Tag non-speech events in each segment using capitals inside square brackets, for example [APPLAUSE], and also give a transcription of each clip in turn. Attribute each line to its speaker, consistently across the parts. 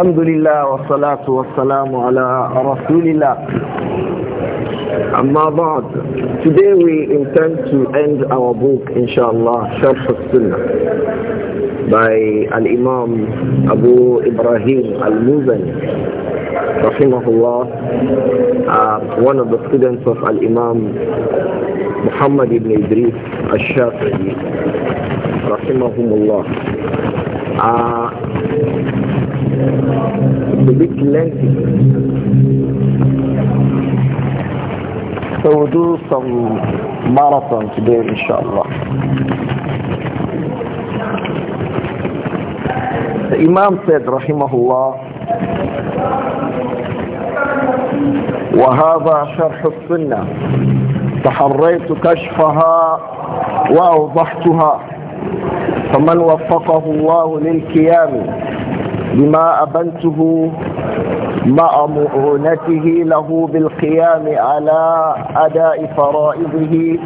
Speaker 1: الحمد لله والصلاة والسلام على رسول الله أما بعد Today we intend to end our book inshallah الله شرح sunnah by Al-Imam Abu Ibrahim Al-Muzani uh, one of the students of Al-Imam Muhammad ibn الشافعي al-Shafi'i rahimahumullah uh, ببيت الله سودوسا ماراثون كبير ان شاء الله الامام سيد رحمه الله وهذا شرح السنه تحريت كشفها واوضحتها فمن وفقه الله للكيام بما أبنته مع مؤونته له بالقيام على أداء فرائضه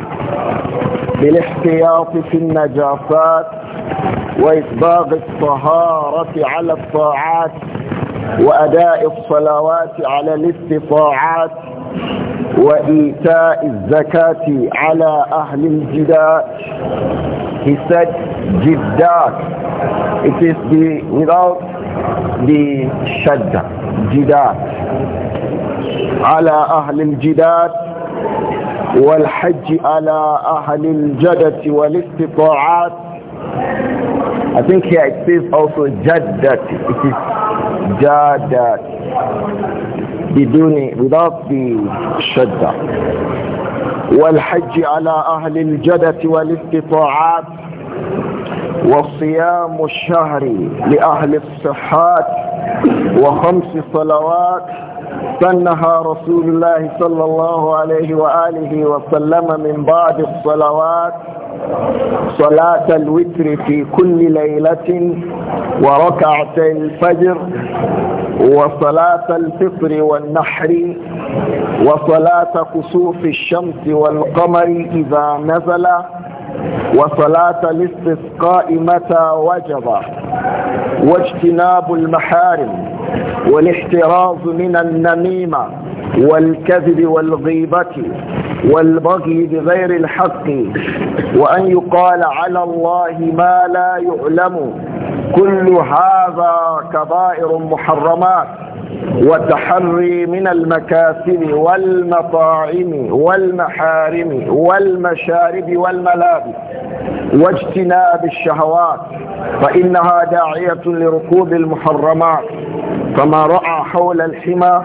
Speaker 1: بالاحتياط في النجاسات وإصباغ الطهارة على الطاعات وأداء الصلوات على الاستطاعات وإيتاء الزكاة على أهل الجداد He said, Jiddak. It is the without للشدة جداد على أهل الجداد والحج على أهل الجدة والاستطاعات I think here it says also جدت It is جدت بدون without the شدة والحج على أهل الجدة والاستطاعات وصيام الشهر لأهل الصحات وخمس صلوات سنها رسول الله صلى الله عليه وآله وسلم من بعد الصلوات صلاة الوتر في كل ليلة وركعتي الفجر وصلاة الفطر والنحر وصلاة كسوف الشمس والقمر إذا نزل وصلاة الاستسقاء متى وجب واجتناب المحارم والاحتراز من النميمة والكذب والغيبة والبغي بغير الحق وأن يقال على الله ما لا يعلم كل هذا كبائر محرمات والتحري من المكاسب والمطاعم والمحارم والمشارب والملابس واجتناب الشهوات فإنها داعية لركوب المحرمات فما رأى حول الحمى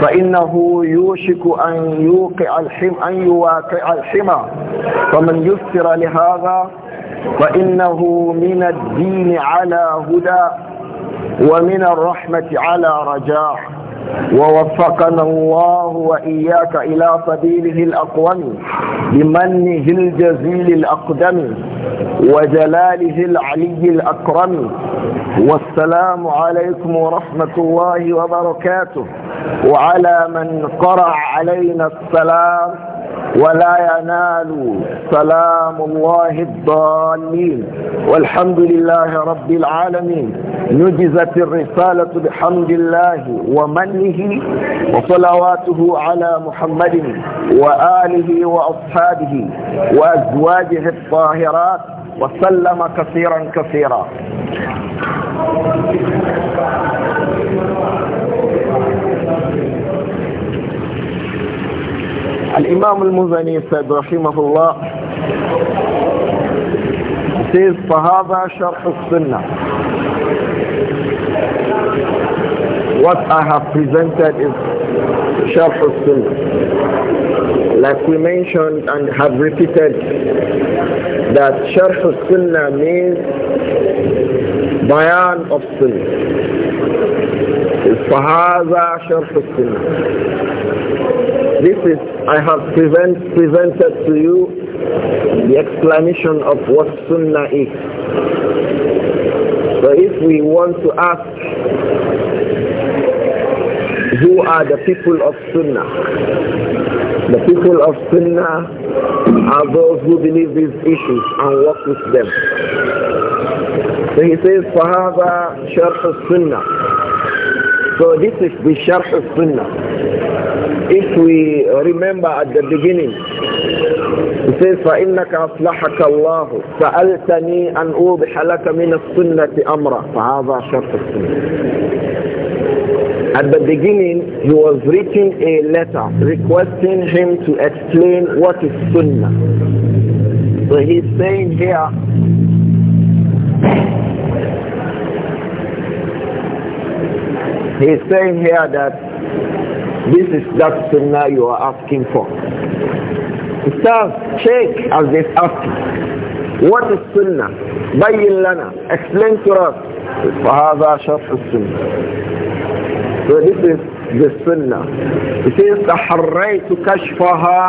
Speaker 1: فإنه يوشك أن يوقع الحمى أن يواقع الحمى فمن يسر لهذا فإنه من الدين على هدى ومن الرحمة على رجاء ووفقنا الله وإياك إلى سبيله الأقوم بمنه الجزيل الأقدم وجلاله العلي الأكرم والسلام عليكم ورحمة الله وبركاته وعلى من قرأ علينا السلام ولا ينال سلام الله الضالين والحمد لله رب العالمين نجزت الرسالة بحمد الله ومنه وصلواته على محمد وآله وأصحابه وأزواجه الطاهرات وسلم كثيرا كثيرا Al-Imam al-Muzani said, rahimahullah, says, فَهَذَا شَرْحُ السُنَّةِ What I have presented is شرح السنة. Like we mentioned and have repeated that شرح السنة means بيان of sunnah. فهذا شرح السنة this is, I have present, presented to you the explanation of what Sunnah is. So if we want to ask who are the people of Sunnah, the people of Sunnah are those who believe these issues and work with them. So he says, فَهَذَا شَرْحُ sunnah." So this is the شَرْحُ sunnah if we remember at the beginning, he says, فَإِنَّكَ أَصْلَحَكَ اللَّهُ سَأَلْتَنِي أَنْ أُوضِحَ لَكَ مِنَ السُنَّةِ أَمْرًا فَهَذَا شَرْطُ السُنَّةِ At the beginning, he was writing a letter requesting him to explain what is sunnah. So he's saying here, he's saying here that this is that sunnah you are asking for. Ustaz, check as they ask. What is sunnah? Bayin lana. Explain to us. فهذا شرح السنة. So this is the sunnah. It says, تحريت كشفها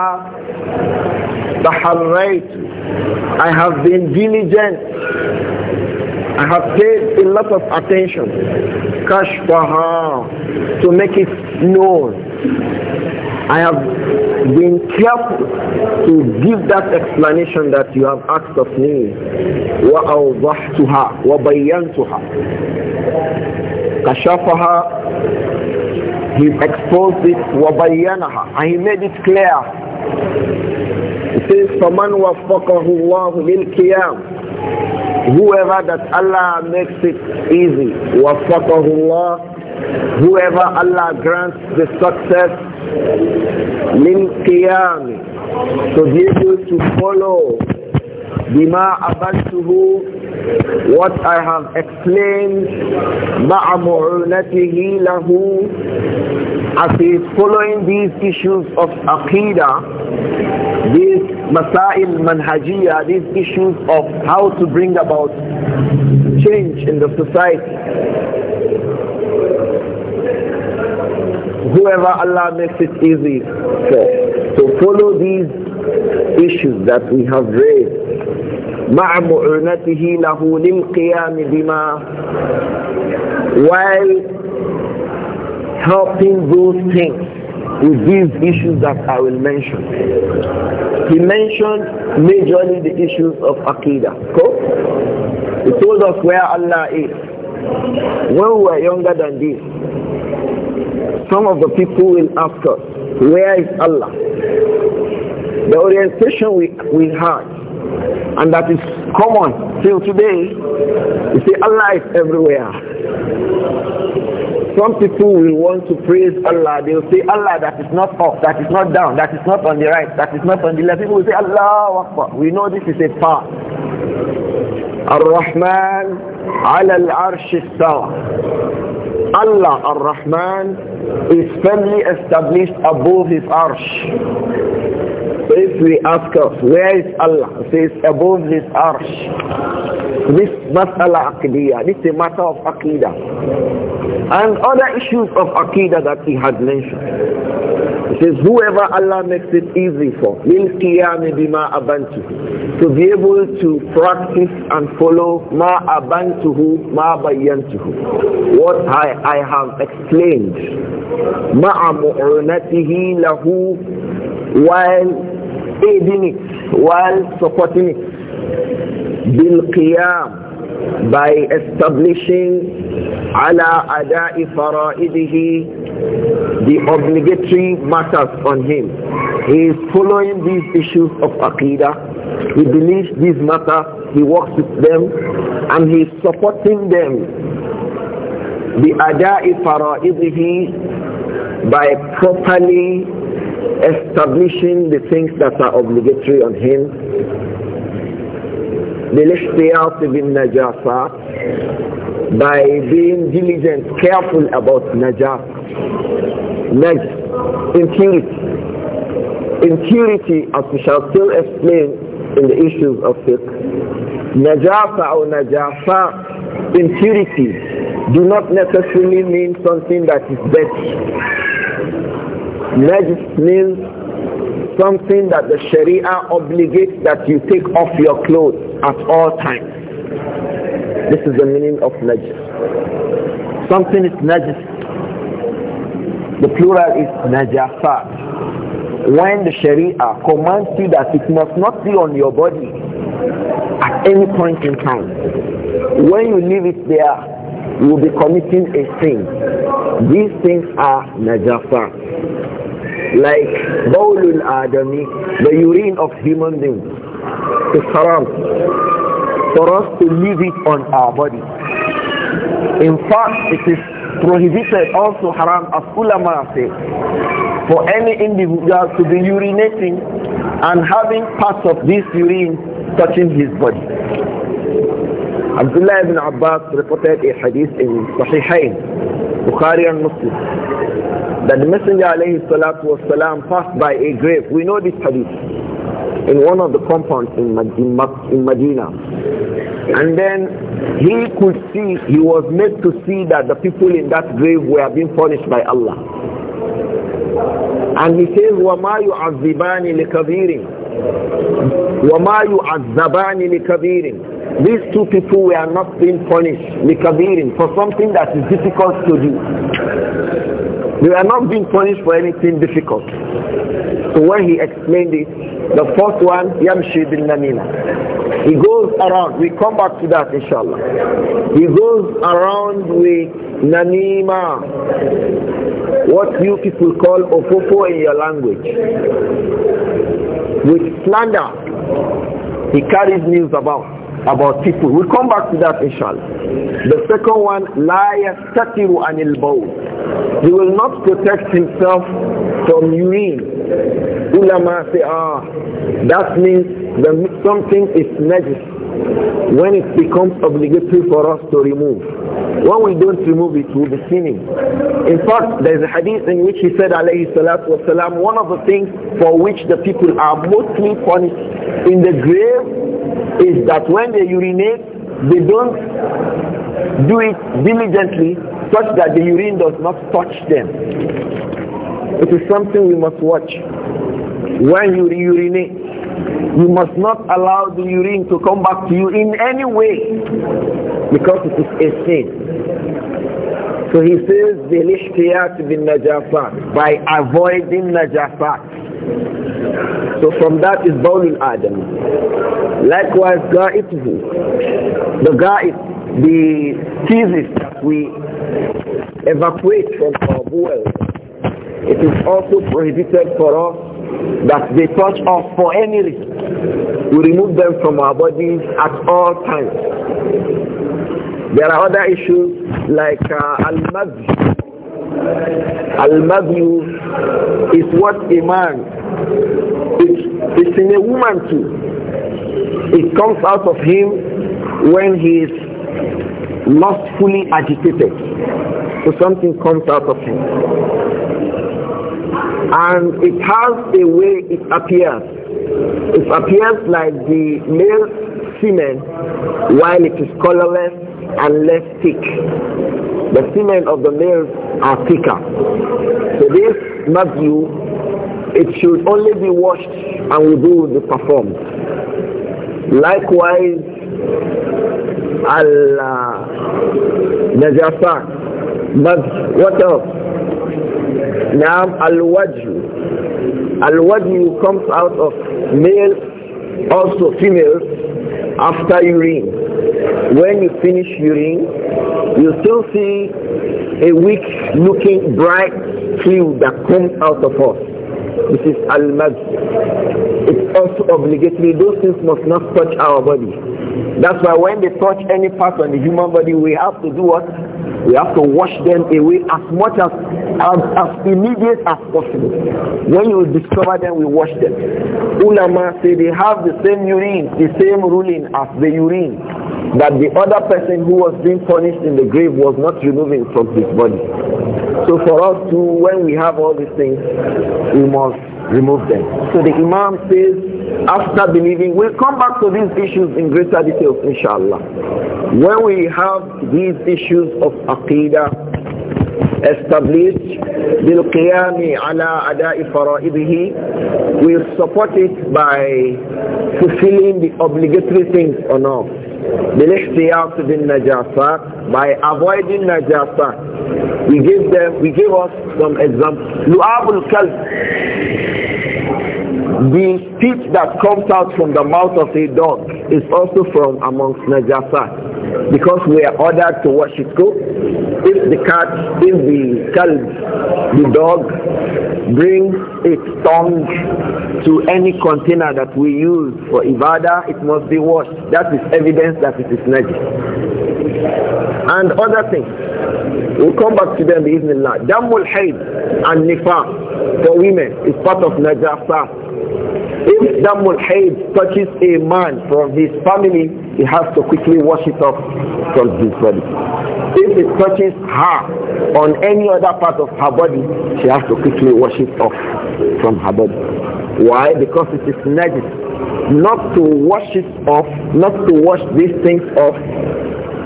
Speaker 1: تحريت I have been diligent. I have paid a lot of attention. كشفها to make it known. I have been careful to give that explanation that you have asked of me. وَأَوْضَحْتُهَا وَبَيَّنْتُهَا كَشَفَهَا He exposed it وَبَيَّنَهَا And he made it clear. He says, فَمَنْ وَفَّقَهُ اللَّهُ لِلْقِيَامِ Whoever that Allah makes it easy, وَفَّقَهُ اللَّهُ Whoever Allah grants the success, min qiyam, to be able to follow bima abantuhu, what I have explained, ma'a mu'unatihi lahu, as he is following these issues of aqidah, these masail manhajiyah, these issues of how to bring about change in the society whoever Allah makes it easy for. So follow these issues that we have raised. مع معونته له للقيام بما while helping those things with these issues that I will mention. He mentioned majorly the issues of Aqidah. Cool? He told us where Allah is. When we were younger than this, some of the people will ask us, where is Allah? The orientation we, we had, and that is common till today, you see Allah is everywhere. Some people will want to praise Allah. They will say, Allah, that is not up, that is not down, that is not on the right, that is not on the left. People will say, Allah Akbar. We know this is a path. Ar-Rahman ala al-arsh Allah Ar-Rahman is firmly established above his arsh. So if we ask us, where is Allah? He above his arsh. This mas'ala aqidiyah, this is a matter of aqidah. And other issues of aqidah that he has mentioned. It says, whoever Allah makes it easy for, lil abantu, to be able to practice and follow ma abantuhu, ma bayantuhu, what I, I have explained, ma mu'unatihi lahu, while aiding it, while supporting it, bil qiyam, by establishing ala ada'i fara'idihi, the obligatory matters on him. He is following these issues of aqidah. He believes these matters. He works with them and he is supporting them. The ada'i faraidhi by properly establishing the things that are obligatory on him. بالاحتياط najasa by being diligent, careful about najah, Next, impurity. Impurity, as we shall still explain in the issues of fiqh, najasa or najasa, impurity, do not necessarily mean something that is dirty. Najis means something that the Sharia obligates that you take off your clothes at all times. This is the meaning of najis. Something is najis. The plural is najasa. When the Sharia commands you that it must not be on your body at any point in time, when you leave it there, you will be committing a sin. These things are najasa. Like bowlul adami, the urine of human beings. It's haram for us to leave it on our body. In fact, it is prohibited also haram as ulama say for any individual to be urinating and having parts of this urine touching his body. Abdullah ibn Abbas reported a hadith in Sahihain, Bukhari and Muslim, that the Messenger alayhi salatu was passed by a grave. We know this hadith in one of the compounds in, in Medina. And then he could see, he was made to see that the people in that grave were being punished by Allah. And he says, وَمَا يُعَذِّبَانِ لِكَبِيرٍ وَمَا يُعَذَّبَانِ لِكَبِيرٍ these two people were not being punished likabirin for something that is difficult to do they were not being punished for anything difficult. So when he explained it, the first one, Yamshi bin Namina. He goes around. We come back to that, inshallah. He goes around with Nanima, What you people call ofofo in your language. With slander, he carries news about about people. We'll come back to that inshallah. The second one, لا يستتر anil البول. He will not protect himself from urine. Ulama say, ah, that means the, something is necessary when it becomes obligatory for us to remove. When we don't remove it, we'll be sinning. In fact, there's a hadith in which he said, alayhi one of the things for which the people are mostly punished in the grave is that when they urinate, they don't do it diligently such that the urine does not touch them. It is something we must watch. When you urinate, you must not allow the urine to come back to you in any way because it is a sin. So he says, بِالِحْتِيَاتِ Najafat, By avoiding najafat. So from that is in Adam. Likewise, Ga'ituhu. The Ga'it, the thesis that we evacuate from our well. It is also prohibited for us that they touch us for any reason. We remove them from our bodies at all times. There are other issues like uh, al-madhi. Al-madhi is what a man, it's, it's in a woman too. It comes out of him when he is lustfully agitated. So something comes out of him and it has a way it appears. It appears like the male semen while it is colorless and less thick. The semen of the males are thicker. So this you. it should only be washed and wudu will be performed. Likewise, Allah, uh, Najasa, but what else? Now al-wajhu. comes out of male, also female, after urine. When you finish urine, you still see a weak looking bright fluid that comes out of us. This is al-majh. It's also obligatory. Those things must not touch our body. That's why when they touch any part on the human body, we have to do what? We have to wash them away as much as, as, as immediate as possible. When you discover them, we wash them. Ulama say they have the same urine, the same ruling as the urine that the other person who was being punished in the grave was not removing from his body. So for us too, when we have all these things, we must remove them. So the Imam says, after believing, we'll come back to these issues in greater detail, inshallah. When we have these issues of aqidah established bilqiyami ala ada'i fara'idihi will support it by fulfilling the obligatory things on us بالاحتياط najasa by avoiding najasa we give them we give us some example لعاب الكلب the spit that comes out from the mouth of a dog is also from amongst najasa because we are ordered to wash it go. If the cat, if the calf, the dog brings its tongue to any container that we use for ibadah, it must be washed. That is evidence that it is najis. And other things, we'll come back to them in Allah. Damul hayd and nifa for women is part of najasa. If damul hayd touches a man from his family, he has to quickly wash it off. From this body. If it touches her on any other part of her body, she has to quickly wash it off from her body. Why? Because it is najis. Not to wash it off, not to wash these things off,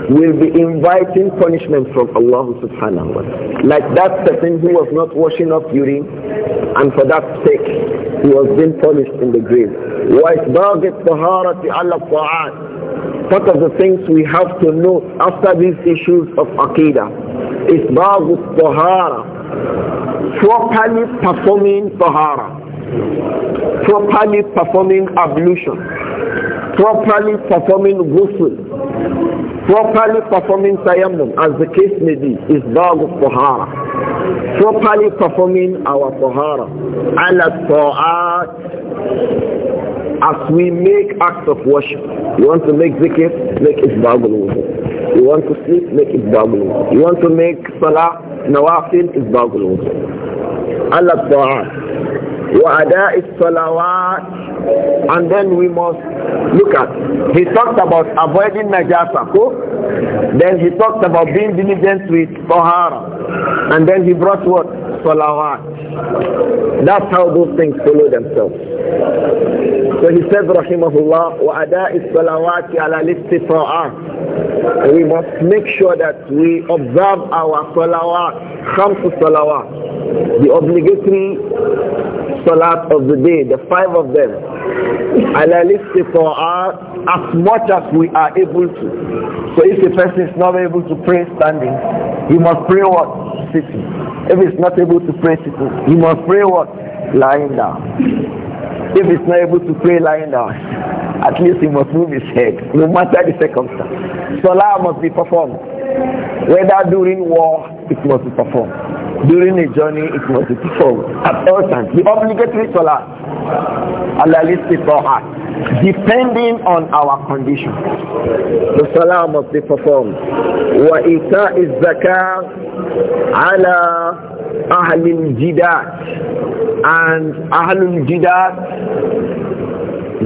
Speaker 1: will be inviting punishment from Allah subhanahu wa ta'ala. Like that person who was not washing up urine and for that sake he was being punished in the grave. وَإِسْبَاغِ الطَّهَارَةِ عَلَى الطَّاعَاتِ Part of the things we have to know after these issues of Aqidah is Baghut Tahara, properly performing Tahara, properly performing ablution, properly performing ghusl, Properly performing tayammum, as the case may be, is bag of tahara. Properly performing our tahara. Allah ta'at. As we make acts of worship, you want to make zikr, make it bagul You want to sleep, make it bagul You want to make salah, nawafil, is bagul Allah ta'at. وأداء الصلوات and then we must look at, he talked about avoiding najasa, then he talked about being diligent with tahara. And then he brought what? salawat. That's how those things follow themselves. So he said, Rahimahullah, ala listi for us." We must make sure that we observe our salawat, خمس salawat, the obligatory salat of the day, the five of them, for us as much as we are able to. So if a person is not able to pray standing, he must pray what? Sitting. If he's not able able to pray sitting, he must pray what? Lying down. If he's not able to pray lying down, at least he must move his head, no matter the circumstance. Salah must be performed. Whether during war, it must be performed. During a journey, it must be performed. At all times. The obligatory salah. Allah listed for us. Depending on our condition. The salah must be performed. وَإِيْتَاءِ الزَّكَاةِ عَلَى أَهْلِ الْجِدَاتِ And أهل الجدات,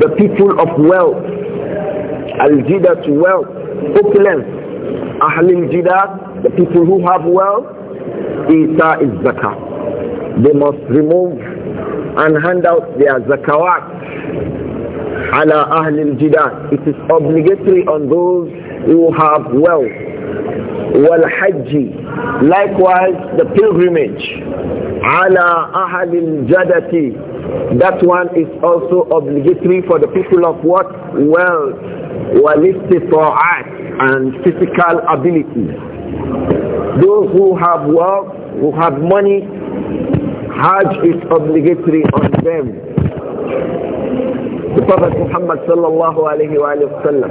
Speaker 1: the people of wealth. Al-jidat, wealth, opulence. Ahlul Jidat, the people who have wealth, ita is zakah. They must remove and hand out their zakawat ala Ahlul Jidat. It is obligatory on those who have wealth. Wal hajj Likewise, the pilgrimage ala Ahlul Jadati. That one is also obligatory for the people of what? Wealth. والاستطاعات and physical abilities. Those who have wealth, who have money, Hajj is obligatory on them. The Prophet Muhammad sallallahu alayhi wa sallam.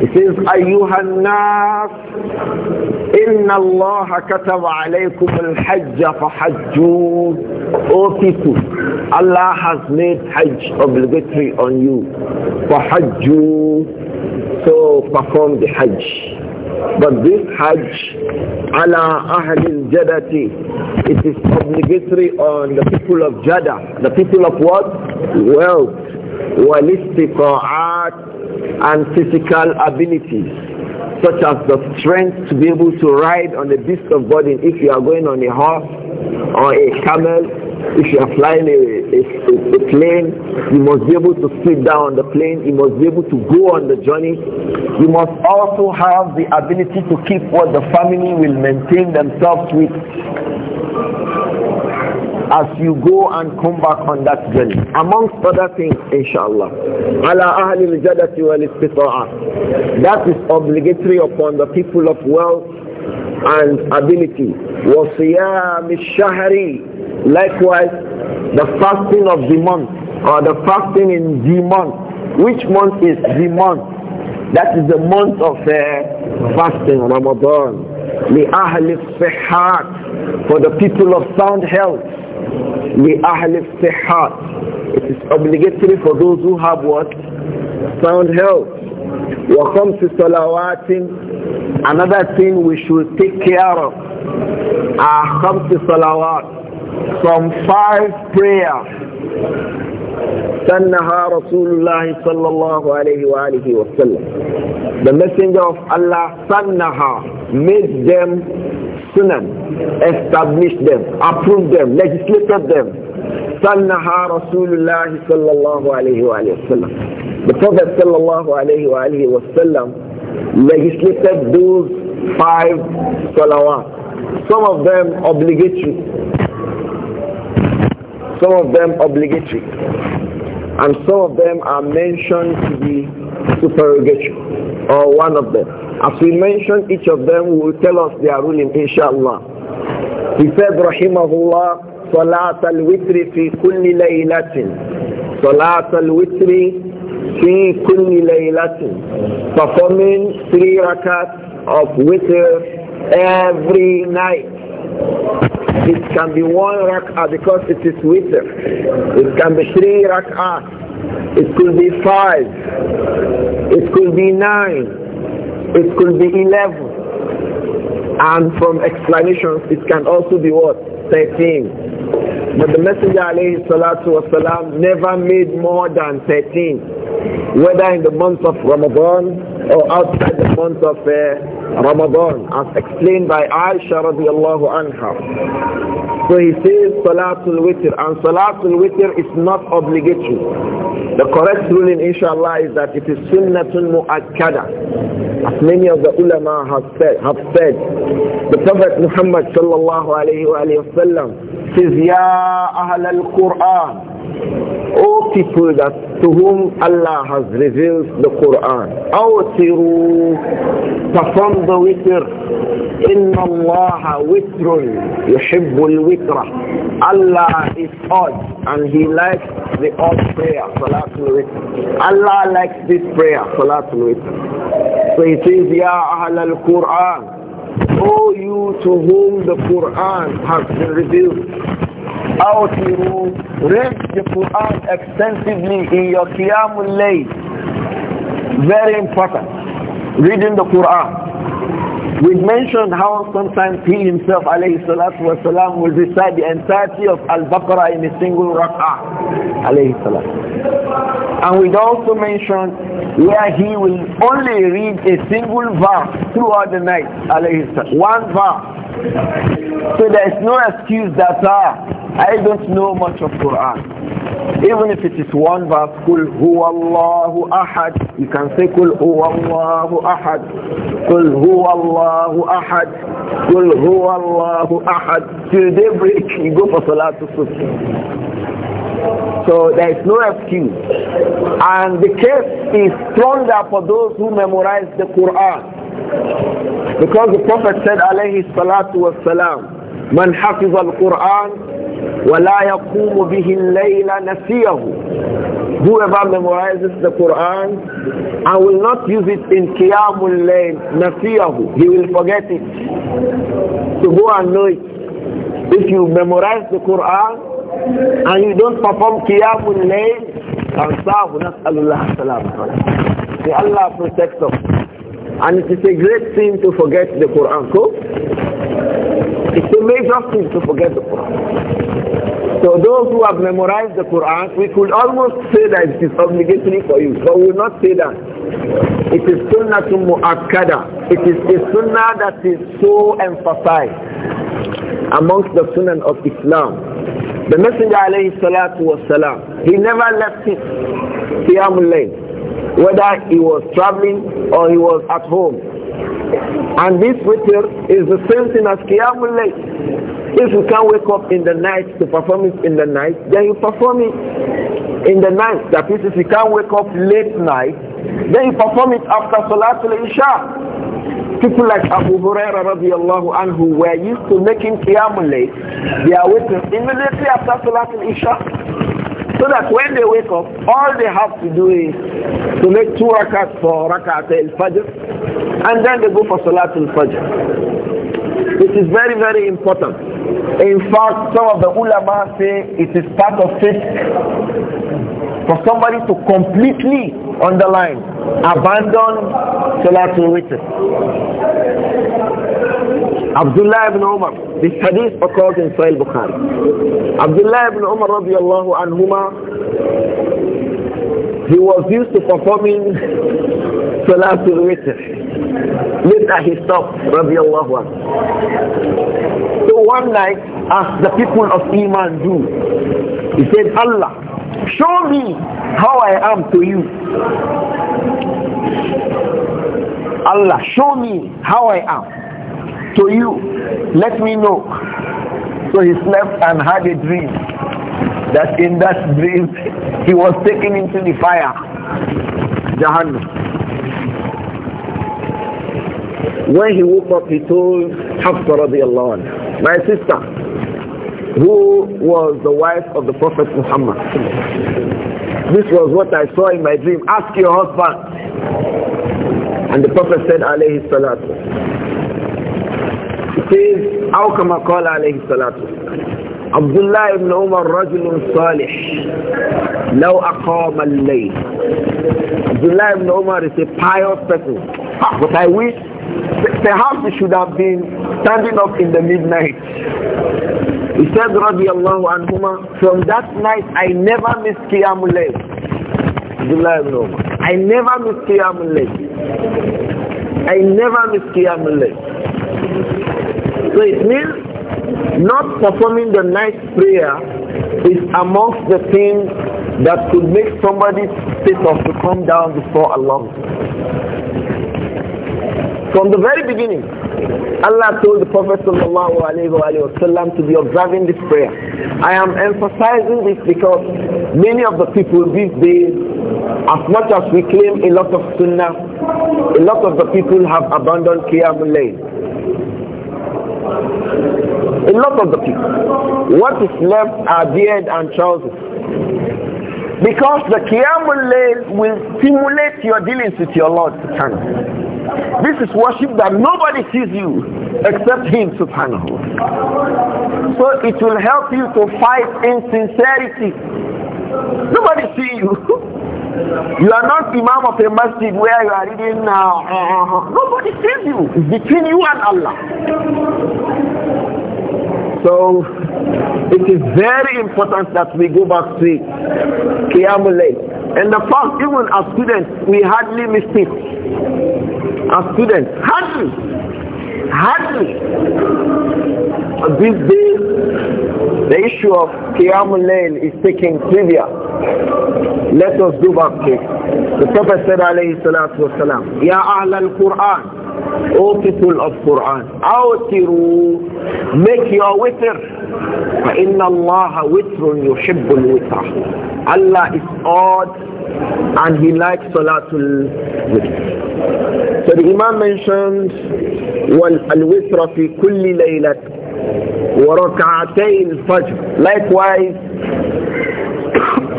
Speaker 1: He says, أَيُّهَا النَّاسِ إِنَّ اللَّهَ كَتَبَ عَلَيْكُمُ الْحَجَّ فَحَجُّوا O people, Allah has made Hajj obligatory on you. فَحَجُّوا So perform the Hajj. But this Hajj, ala ahlil jadati, it is obligatory on the people of Jada, the people of what? Wealth. والاستطاعات and physical abilities such as the strength to be able to ride on a beast of burden if you are going on a horse or a camel if you are flying a, a, a, plane you must be able to sit down on the plane you must be able to go on the journey you must also have the ability to keep what the family will maintain themselves with as you go and come back on that journey. Amongst other things, inshallah. Ala That is obligatory upon the people of wealth and ability. وَصِيَامِ الشَّهْرِ Likewise, the fasting of the month, or the fasting in the month. Which month is the month? That is the month of uh, fasting, Ramadan. لأهل الصحات for the people of sound health the Ahl Sihat. It is obligatory for those who have what? Sound health. Welcome to Salawatin. Another thing we should take care of are Khamsi Salawat from five prayers سنها رسول الله صلى الله عليه وآله وسلم The messenger of Allah سنها made them sunan established them approved them legislated them سنها رسول الله صلى الله عليه وآله وسلم The Prophet صلى الله عليه وآله وسلم legislated those five salawat some of them obligatory some of them obligatory, and some of them are mentioned to be supererogatory, or one of them. As we mention each of them, we will tell us their ruling, inshallah. He said, Rahimahullah, Salat al-Witri fi kulli laylatin. Salat al-Witri fi kulli laylatin. Performing three rakats of witr every night. It can be one rak'ah because it is witr. It can be three rak'ah. It could be five. It could be nine. It could be eleven. And from explanations, it can also be what? Thirteen. But the Messenger of Allah wasalam never made more than 13, whether in the month of Ramadan or outside the month of uh, Ramadan as explained by Aisha radiallahu anha. So he says Salatul Witr and Salatul Witr is not obligatory. The correct ruling inshallah is that it is Sunnatul Mu'akkada. As many of the ulama have said, have said the Prophet Muhammad sallallahu alayhi wa sallam says, Ya Ahl al-Quran, O people that to whom Allah has revealed the Quran, awtiru, perform the witr. Inna Allah witrun, yuhibbul witra. Allah is odd and He likes the odd prayer, salatul witr. Allah likes this prayer, salatul witr. So He says, Ya Ahl al-Quran, O you to whom the Quran has been revealed, Awtiru, read the Quran extensively in your Qiyamul Layl. Very important. Reading the Quran. We've mentioned how sometimes he himself, alayhi salatu wasalam, will recite the entirety of Al-Baqarah in a single rak'ah, alayhi salam. And we have also mentioned where he will only read a single verse throughout the night, alayhi salam. One verse. So there is no excuse that ah, I don't know much of Quran. Even if it is one verse, Kul huwallahu ahad, you can say Kul huwallahu ahad, Kul huwallahu ahad, Kul huwallahu ahad. Till daybreak, you go for Salatul Subh. So there is no excuse. And the case is stronger for those who memorize the Quran. Because the Prophet said, alayhi salatu was salam, من حفظ القرآن ولا يقوم به الليل نسيه whoever memorizes the Quran and will not use it in Qiyamul Layl, Nafiyahu, he will forget it. So go and know it. If you memorize the Quran and you don't perform Qiyamul Layl, and Nas'alullah salam. May Allah protect us. And it is a great sin to forget the Quran. So, it's a major sin to forget the Quran. So those who have memorized the Quran, we could almost say that it is obligatory for you, but we will not say that. It is sunnah to mu'akkada. It is a sunnah that is so emphasized amongst the sunnah of Islam. The Messenger alayhi salatu was salam, he never left it. Qiyamul Layl whether he was traveling or he was at home. And this witr is the same thing as Qiyamul Layl. If you can wake up in the night to perform it in the night, then you perform it in the night. That is, if you can't wake up late night, then you perform it after Salatul Isha. People like Abu Huraira radiallahu anhu were used to making Qiyamul Layl, are waiting immediately after Salatul Isha. So that when they wake up, all they have to do is to make two rakats for rakat al-fajr and then they go for salat al-fajr. It is very, very important. In fact, some of the ulama say it is part of faith for somebody to completely underline, abandon salat al-witr. Abdullah ibn Umar. This hadith occurs in Sahih Bukhari. Abdullah ibn Umar radiallahu anhuma, he was used to performing Salatul Witr. Later he stopped radiallahu anhu. So one night, as the people of Iman do, he said, Allah, show me how I am to you. Allah, show me how I am to you. Let me know. So he slept and had a dream. That in that dream, he was taken into the fire. Jahannam. When he woke up, he told Hafsa radiallahu my sister, who was the wife of the Prophet Muhammad. This was what I saw in my dream. Ask your husband. And the Prophet said, alayhi salatu, says, أو كما قال Salatu, Abdullah Ibn Umar, بن عمر رجل صالح لو أقام الليل عبد Abdullah ibn Umar is a pious person but I wish perhaps he should have been standing up in the midnight he said رضي الله from that night I never missed Qiyam al-Layl Abdullah ibn Umar I never missed Qiyam al-Layl I never missed Qiyam al-Layl so it means not performing the night prayer is amongst the things that could make somebody's status to come down before Allah. From the very beginning, Allah told the Prophet sallallahu alaihi wasallam to be observing this prayer. I am emphasizing this because many of the people these days, as much as we claim a lot of sunnah, a lot of the people have abandoned Qiyamul Layl. A lot of the people. What is left are beard and trousers. Because the Qiyamul will stimulate your dealings with your Lord subhanahu. This is worship that nobody sees you except Him subhanahu. So it will help you to fight insincerity. Nobody sees you. [LAUGHS] You are not Imam of a masjid where you are reading now. Uh, uh, uh, nobody saves you. It's between you and Allah. So it is very important that we go back to Qiyamulay. And the fact, even as students, we hardly miss it. As students, hardly, hardly. These days, the issue of Qiyamul Layl is taking trivia. Let us do back The Prophet said alayhi salatu wasalam, Ya Ahl al-Quran, O people of Quran, awtiru, make your witr. فَإِنَّ اللَّهَ وِتْرٌ يُحِبُّ الْوِتْرَ Allah is odd and He likes Salatul Witr. So the Imam mentioned وَالْوِتْرَ فِي كُلِّ لَيْلَةٍ وركعتي الفجر likewise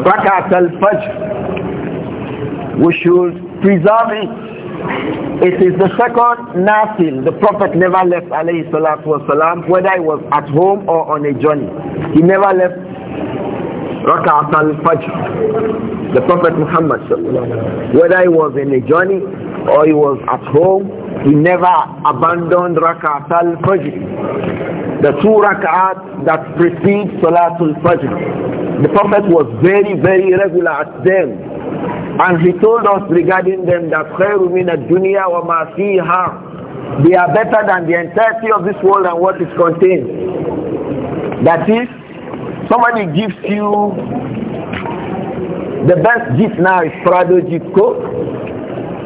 Speaker 1: ركعة [COUGHS] الفجر we should preserve it it is the second nothing. The Prophet never left alayhi salatu wasalam, whether he was at home or on a journey. He never left Raka'at al-Fajr. The Prophet Muhammad whether he was in a journey or he was at home, he never abandoned Raka'at al-Fajr. The two Raka'at that precede Salatul Fajr. The Prophet was very, very regular at them. And he told us regarding them that a dunya الدُّنْيَا وَمَا فِيهَا They are better than the entirety of this world and what is contained. That is, somebody gives you the best gift now is Prado gift code.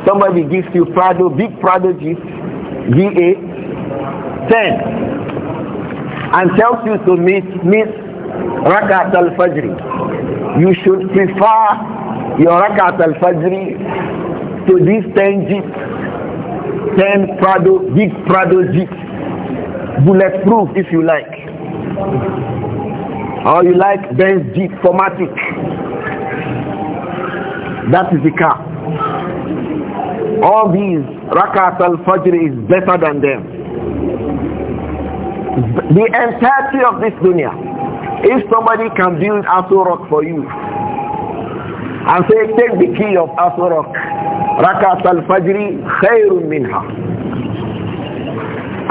Speaker 1: Somebody gives you Prado, big Prado gift, VA, 10. And tells you to meet, meet Rakat al-Fajr. You should prefer your Rakat al-Fajr to this 10 jeep, 10 Prado, big Prado jeep, bulletproof if you like. Or you like Benz Jeep Formatic. That is the car. All these, Rakat al-Fajr is better than them. The entirety of this dunya if somebody can build Aso Rock for you and say, take the key of Aso Rock, Rakat al-Fajri khairun minha.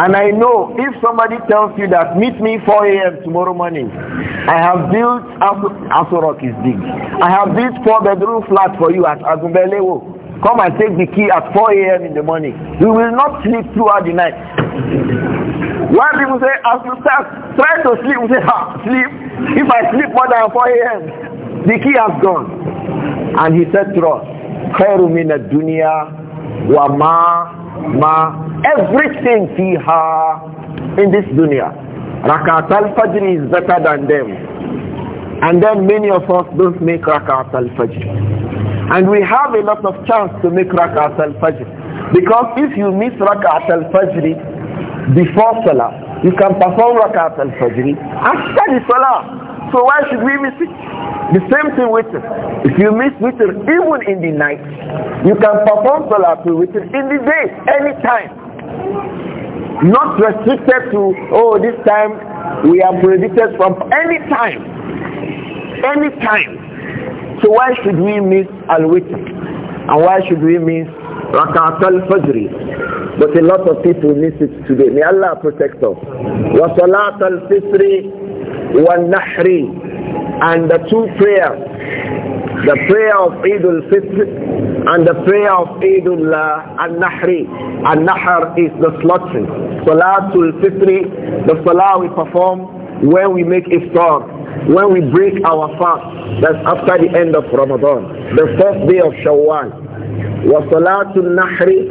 Speaker 1: And I know if somebody tells you that meet me 4 a.m. tomorrow morning, I have built, Aso Rock is big. I have built four bedroom flat for you at Agumbelewo. Come and take the key at 4 a.m. in the morning. You will not sleep throughout the night. When people say, as you start, try to sleep, we say, ha, sleep. If I sleep more than 4 a.m., the key has gone. And he said to us, خَيْرُ مِنَ الدُّنْيَا وَمَا مَا Everything fiha in this dunya. Rakat al-Fajr is better than them. And then many of us don't make Rakat al-Fajr. And we have a lot of chance to make Rakat al-Fajr. Because if you miss Rakat al-Fajr, before Salah. You can perform Rakat al-Fajr after the Salah. So why should we miss it? The same thing with it. If you miss witr even in the night, you can perform Salah to witr in the day, any time. Not restricted to, oh, this time we are prohibited from any time. Any time. So why should we miss al-witr? And why should we miss Rakat al-Fajr. But a lot of people miss it today. May Allah protect us. Wa Salat al Fisri wa Nahri. And the two prayers. The prayer of Eid al-Fitr and the prayer of Eid al-Nahri. al Nahar is the slaughtering. Salatul Fitr, the salah we perform when we make iftar when we break our fast, that's after the end of Ramadan, the first day of Shawwal, was to nahri,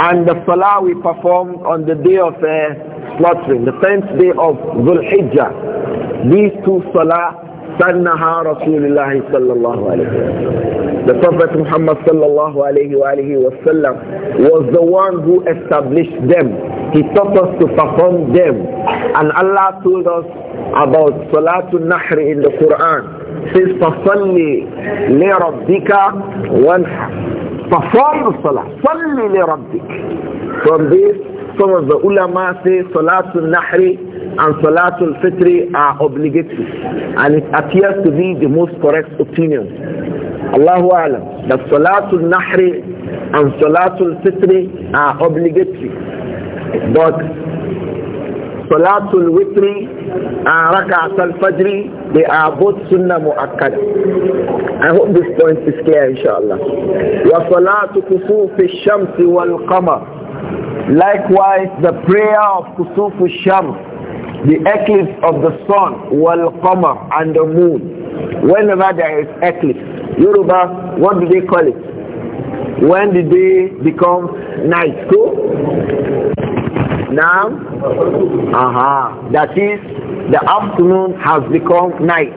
Speaker 1: and the salah we perform on the day of uh, slaughtering, the tenth day of Dhul Hijjah. These two salah سنها رسول الله صلى الله عليه وسلم. The Prophet Muhammad sallallahu alayhi wa alayhi wasallam was the one who established them. He taught us to perform them. And Allah told us about Salatul النحر in the Quran. Says, فصلي لِرَبِّكَ وَانْحَرْ Perform the Salah. صَلِّ لِرَبِّكَ From this, some of the ulama say Salatul Nahri and Salatul fitri are obligatory. And it appears to be the most correct opinion. Allahu Alam, that Salatul Nahri and Salatul fitri are obligatory. But Salatul Witri and Raka'at al-Fajr, they are both Sunnah Mu'akkada. I hope this point is clear inshallah. al shamsi wal qamar. Likewise, the prayer of al Shams the eclipse of the sun, wal qamar, and the moon. Whenever there is eclipse, Yoruba, what do they call it? When did they become night? So, now, aha, that is, the afternoon has become night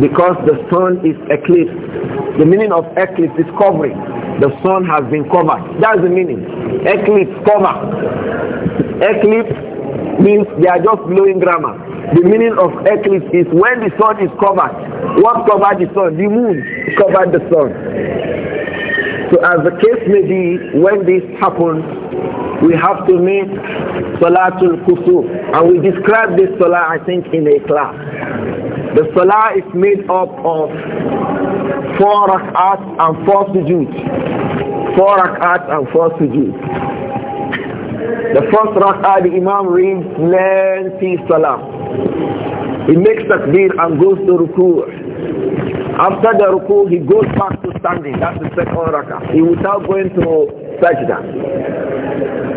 Speaker 1: because the sun is eclipsed. The meaning of eclipse is covering. The sun has been covered. That's the meaning. Eclipse, cover. Eclipse means they are just blowing grammar. The meaning of eclipse is when the sun is covered. What covered the sun? The moon covered the sun. So as the case may be, when this happens, we have to make Salatul Kusuf. And we describe this Salah, I think, in a class. The Salah is made up of four rak'at and four sujood. Four rak'at and four sujood.
Speaker 2: The first
Speaker 1: rak'ah the Imam reads plenty salam. He makes takbir and goes to ruku'. After the ruku' he goes back to standing. That's the second rak'ah. He without going to sajda.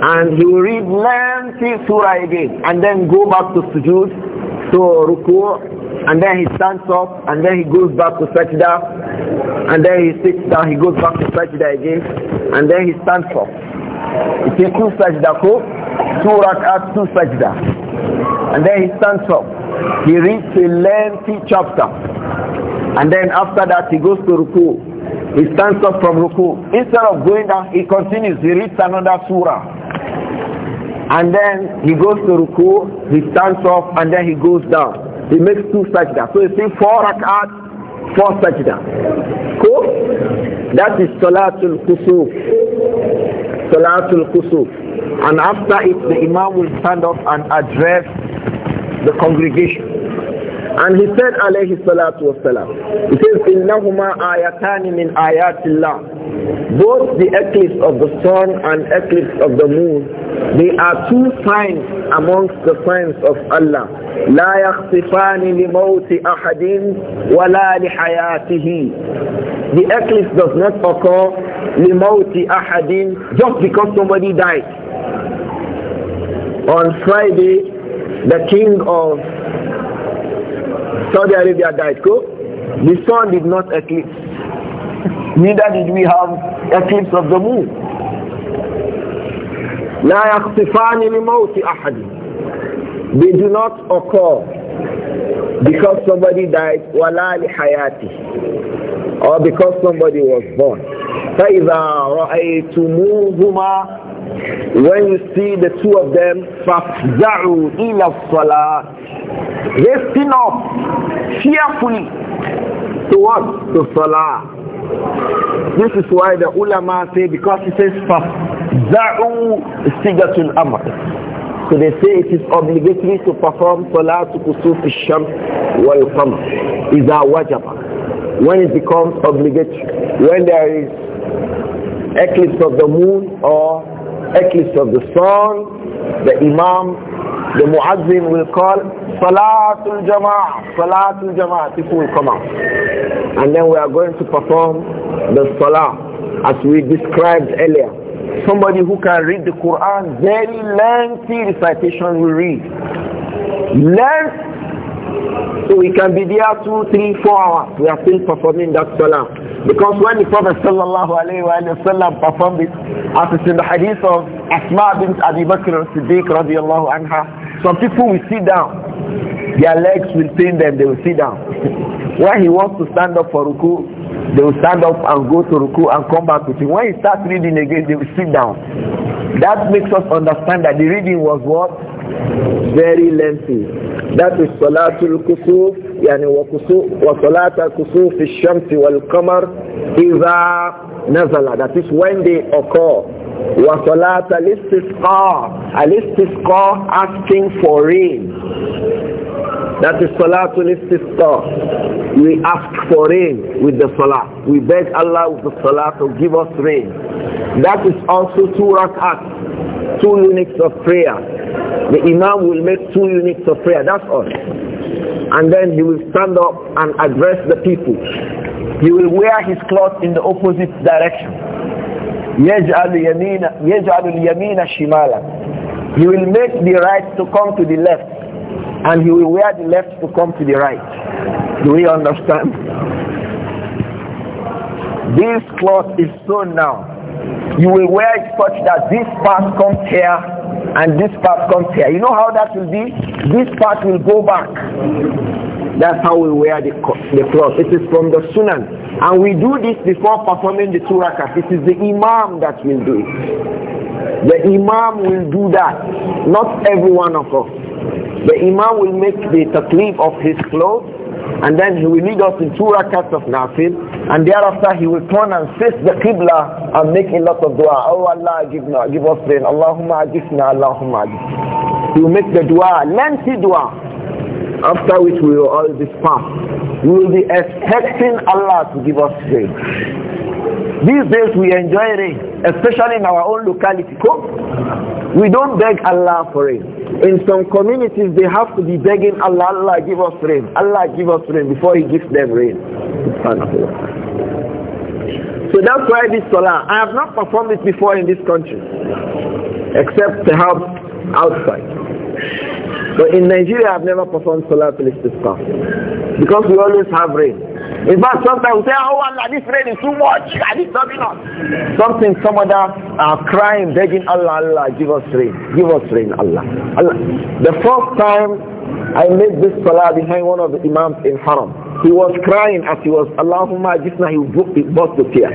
Speaker 1: And he will read lengthy surah again and then go back to sujood, to ruku' and then he stands up and then he goes back to sajda and then he sits down he goes back to sajda again and then he stands up he two sajda ko, two rak'at, two sajda. And then he stands up. He reads a lengthy chapter. And then after that he goes to ruku. He stands up from ruku. Instead of going down, he continues. He reads another surah. And then he goes to ruku, he stands up, and then he goes down. He makes two sajda. So you see four rak'at, four sajda. Cool? That is Salatul Kusuf. Salatul Kusuf. And after it, the Imam will stand up and address the congregation. And he said, alayhi salatu wasalam, he says, إِنَّهُمَا آيَتَانِ مِنْ min اللَّهِ Both the eclipse of the sun and eclipse of the moon, they are two signs amongst the signs of Allah. لَا يَخْصِفَانِ لِمَوْتِ أَحَدٍ وَلَا لِحَيَاتِهِ The eclipse does not occur لِمَوْتِ أَحَدٍ just because somebody died. On Friday, the king of Saudi Arabia died. Go. The sun did not eclipse. Neither did we have eclipse of the moon. لا يخطفان لموت أحد. They do not occur because somebody died ولا لحياته or because somebody was born. فإذا رأيتموهما when you see the two of them فافزعوا إلى الصلاة Hasten up fearfully to walk To Salah. This is why the ulama say because it says فَزَعُوا سِجَةُ الْأَمْرِ So they say it is obligatory to perform to Kusuf al-Shams wal-Qamr إِذَا wajaba. When it becomes obligatory. When there is eclipse of the moon or eclipse of the sun, the Imam the muazzin will call Salatul Jama'ah, Salatul Jama'ah. People will come out. And then we are going to perform the Salah as we described earlier. Somebody who can read the Quran, very lengthy recitation will read. Length so we can be there two, three, four hours. We are still performing that salah. Because when the Prophet sallallahu alayhi wa sallam performed it, as it's in the hadith of Asma bint Abi Bakr siddiq radiallahu anha, some people will sit down. Their legs will pain them. They will sit down. when he wants to stand up for ruku, they will stand up and go to ruku and come back to him. When he starts reading again, they will sit down. That makes us understand that the reading was what? Very lengthy. That is Salatul Kusuf, yani wa, kusuf, wa Salatul Kusuf fi shamsi wal qamar, إذا nazala, that is when they occur. وَصَلَاةَ الْإِسْتِسْقَى Al-istisqa, asking for rain. That is salatul istisqa. We ask for rain with the salah. We beg Allah with the salah to give us rain. That is also two rak'at, two units of prayer. The imam will make two units of prayer, that's all. And then he will stand up and address the people he will wear his cloth in the opposite direction يجعل يمين يجعل اليمين shimala. he will make the right to come to the left and he will wear the left to come to the right do we understand this cloth is sewn now you will wear it such that this part comes here and this part comes here you know how that will be this part will go back that's how we wear the, the cloth. It is from the sunan. And we do this before performing the two It is the imam that will do it. The imam will do that. Not every one of us. The imam will make the taklif of his clothes and then he will lead us in two rakats of nafil and thereafter he will turn and face the qibla and make a lot of dua oh allah give, give us rain allahumma ajifna allahumma ajifna he will make the dua lengthy dua after which we will all disperse. We will be expecting Allah to give us rain. These days we enjoy rain, especially in our own locality. We don't beg Allah for rain. In some communities they have to be begging Allah, Allah give us rain, Allah give us rain before He gives them rain. So that's why this Salah, I have not performed it before in this country, except perhaps outside. But in Nigeria, I've never performed solar istisqa because we always have rain. In fact, sometimes we say, oh Allah, this rain is too much. And it's not enough. Something, some other are uh, crying, begging Allah, Allah, give us rain. Give us rain, Allah. Allah. The first time I made this salah behind one of the imams in Haram, he was crying as he was, Allahumma now he burst the tear.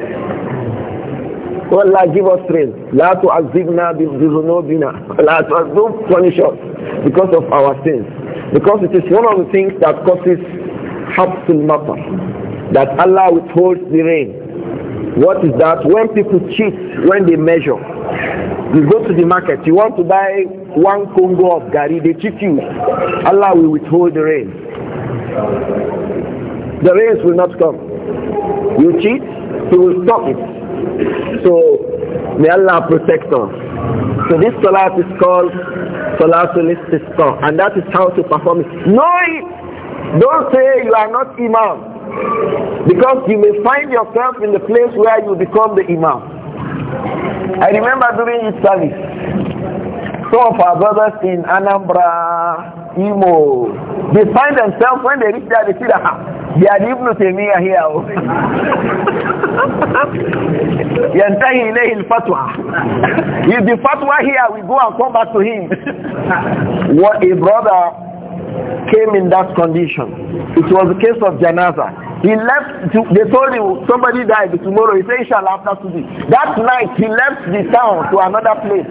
Speaker 1: Allah, give us strength. La tu'azibna bizunubina. La tu'azib, punish us because of our sins. Because it is one of the things that causes habsul matar. That Allah withholds the rain. What is that? When people cheat, when they measure. You go to the market, you want to buy one Congo of Gari, they cheat you. Allah will withhold the rain. The rains will not come. You cheat, he will stop it. So may Allah protect us. So this salat is called salatul istisqa and that is how to perform it. Know it. Don't say you are not imam because you may find yourself in the place where you become the imam. I remember during his service, some of our brothers in Anambra Imo. They find themselves when they reach there, they see that they are even Ibn Taymiyyah here. ينتهي إليه الفتوى. If the fatwa here, we go and come back to him. [LAUGHS] what a brother came in that condition. It was the case of Janaza. He left, to, they told him somebody died tomorrow. He said, shall after today. That night he left the town to another place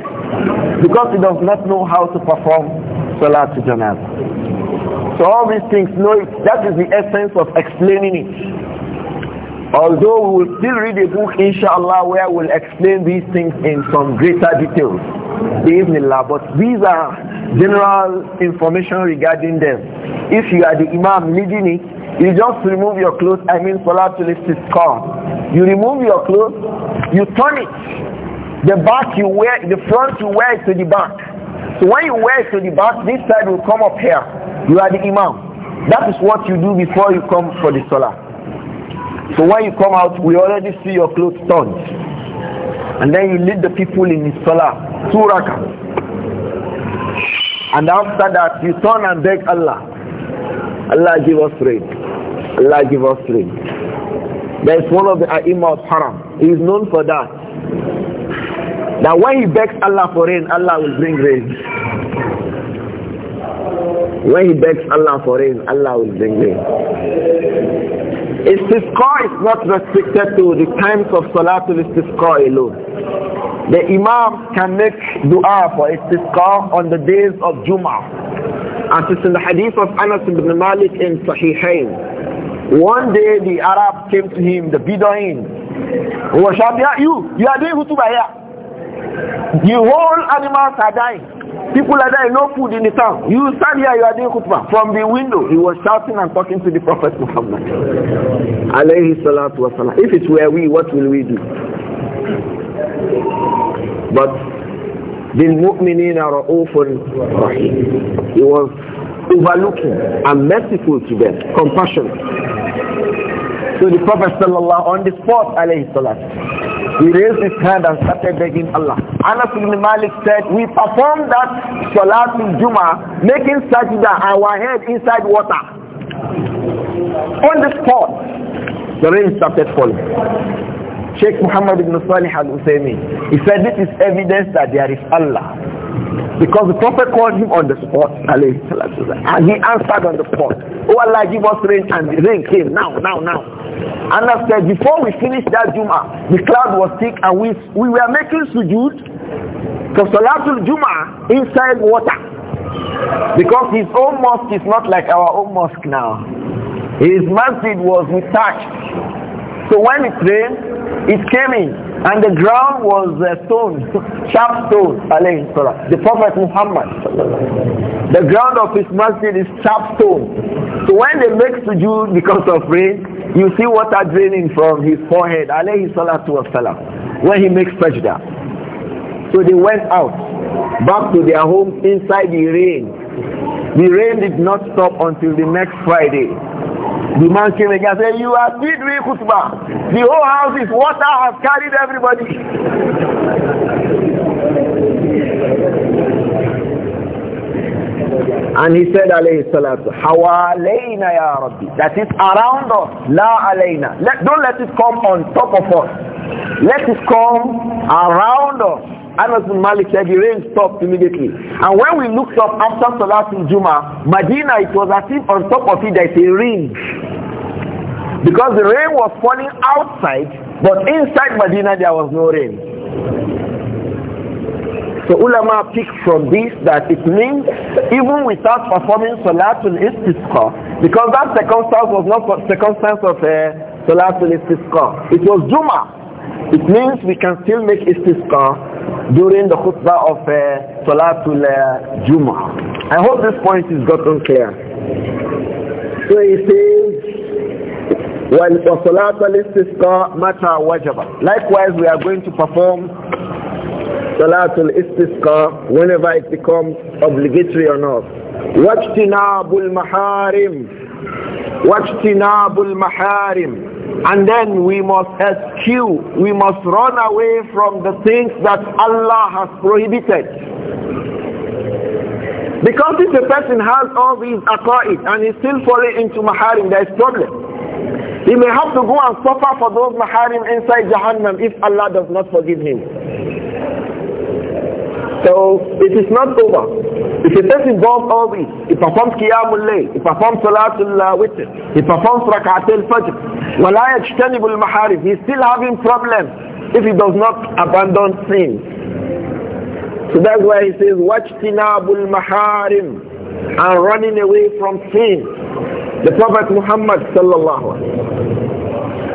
Speaker 1: because he does not know how to perform janazah. So all these things, know it. That is the essence of explaining it. Although we will still read a book, inshallah, where we'll explain these things in some greater details. Bismillah. But these are general information regarding them. If you are the imam leading it, you just remove your clothes, I mean Salatul Istisqa. You remove your clothes, you turn it. The back you wear, the front you wear to the back. So when you wear to the back, this side will come up here. You are the imam. That is what you do before you come for the salah. So when you come out, we already see your clothes turned. And then you lead the people in the salah. Two And after that, you turn and beg Allah. Allah give us rain. Allah give us rain. There is one of the Imam of Haram. He is known for that. That when he begs Allah for rain, Allah will bring rain. When he begs Allah for rain, Allah will bring rain. Istisqa is not restricted to the times of Salatul Istisqa alone. The Imam can make dua for Istisqa on the days of Jum'ah. As it's in the hadith of Anas ibn Malik in Sahihain. One day the Arab came to him, the Bedouin, who was shouting, ah, you, you are doing hutubah here. The whole animals are dying. People are dying, no food in the town. You stand here, you are doing khutbah. From the window, he was shouting and talking to the Prophet Muhammad. Alayhi salatu wasalam. If it were we, what will we do? But the بِالْمُؤْمِنِينَ are رَحِيمٌ He was overlooking and merciful to them, compassionate to the Prophet sallallahu on the spot alayhi salam. He raised his hand and started begging Allah. Anas ibn Malik said, we performed that salat in Juma, making sajda our head inside water. On the spot, the rain started falling. Sheikh Muhammad ibn Salih al-Uthaymeen. He said this is evidence that there is Allah. Because the Prophet called him on the spot, and he answered on the spot. Oh Allah, give us rain, and the rain came now, now, now. Allah said, before we finished that Juma, the cloud was thick, and we, we were making sujood for Salatul Juma inside water. Because his own mosque is not like our own mosque now. His masjid was detached. So when it rained, it came in and the ground was a uh, stone, [LAUGHS] sharp stone, alayhi salam. The Prophet Muhammad, the ground of his masjid is sharp stone. So when they make sujood because of rain, you see water draining from his forehead, alayhi salatu wasalam, when he makes sajda. So they went out, back to their homes inside the rain. The rain did not stop until the next Friday. The man came again and said, You have been doing khutbah. The whole house is water has carried everybody. And he said, alayhi salatu, hawalayna ya Rabbi. That is around us, la alayna. Let, don't let it come on top of us. Let it come around us. Anas bin Malik said the rain stopped immediately. And when we looked up after Salatul Juma, Medina, it was as if on top of it there is a ring. Because the rain was falling outside, but inside Medina there was no rain. So ulama picked from this that it means even without performing Salatul Istisqa, because that circumstance was not circumstance of uh, Salatul Istisqa. It was Juma. It means we can still make istisqa during the khutbah of uh, Salatul uh, I hope this point is gotten clear. So he says, salatul istisqa مَتَى وَجَبَ Likewise, we are going to perform Salatul Istisqa whenever it becomes obligatory on us. maharim. الْمَحَارِمِ وَاجْتِنَابُ maharim. And then we must eschew, we must run away from the things that Allah has prohibited. Because if a person has all these aqa'id and is still falling into maharim, there is problem. He may have to go and suffer for those maharim inside Jahannam if Allah does not forgive him. So it is not over. If a person does all this, he performs Qiyamul Layl, he performs Salatul Witr, he performs al Fajr, وَلَا يَجْتَنِبُ الْمَحَارِفِ He's still having problems if he does not abandon sin. So that's why he says, وَاجْتِنَابُ maharim And running away from sin. The Prophet Muhammad sallallahu alaihi wasallam.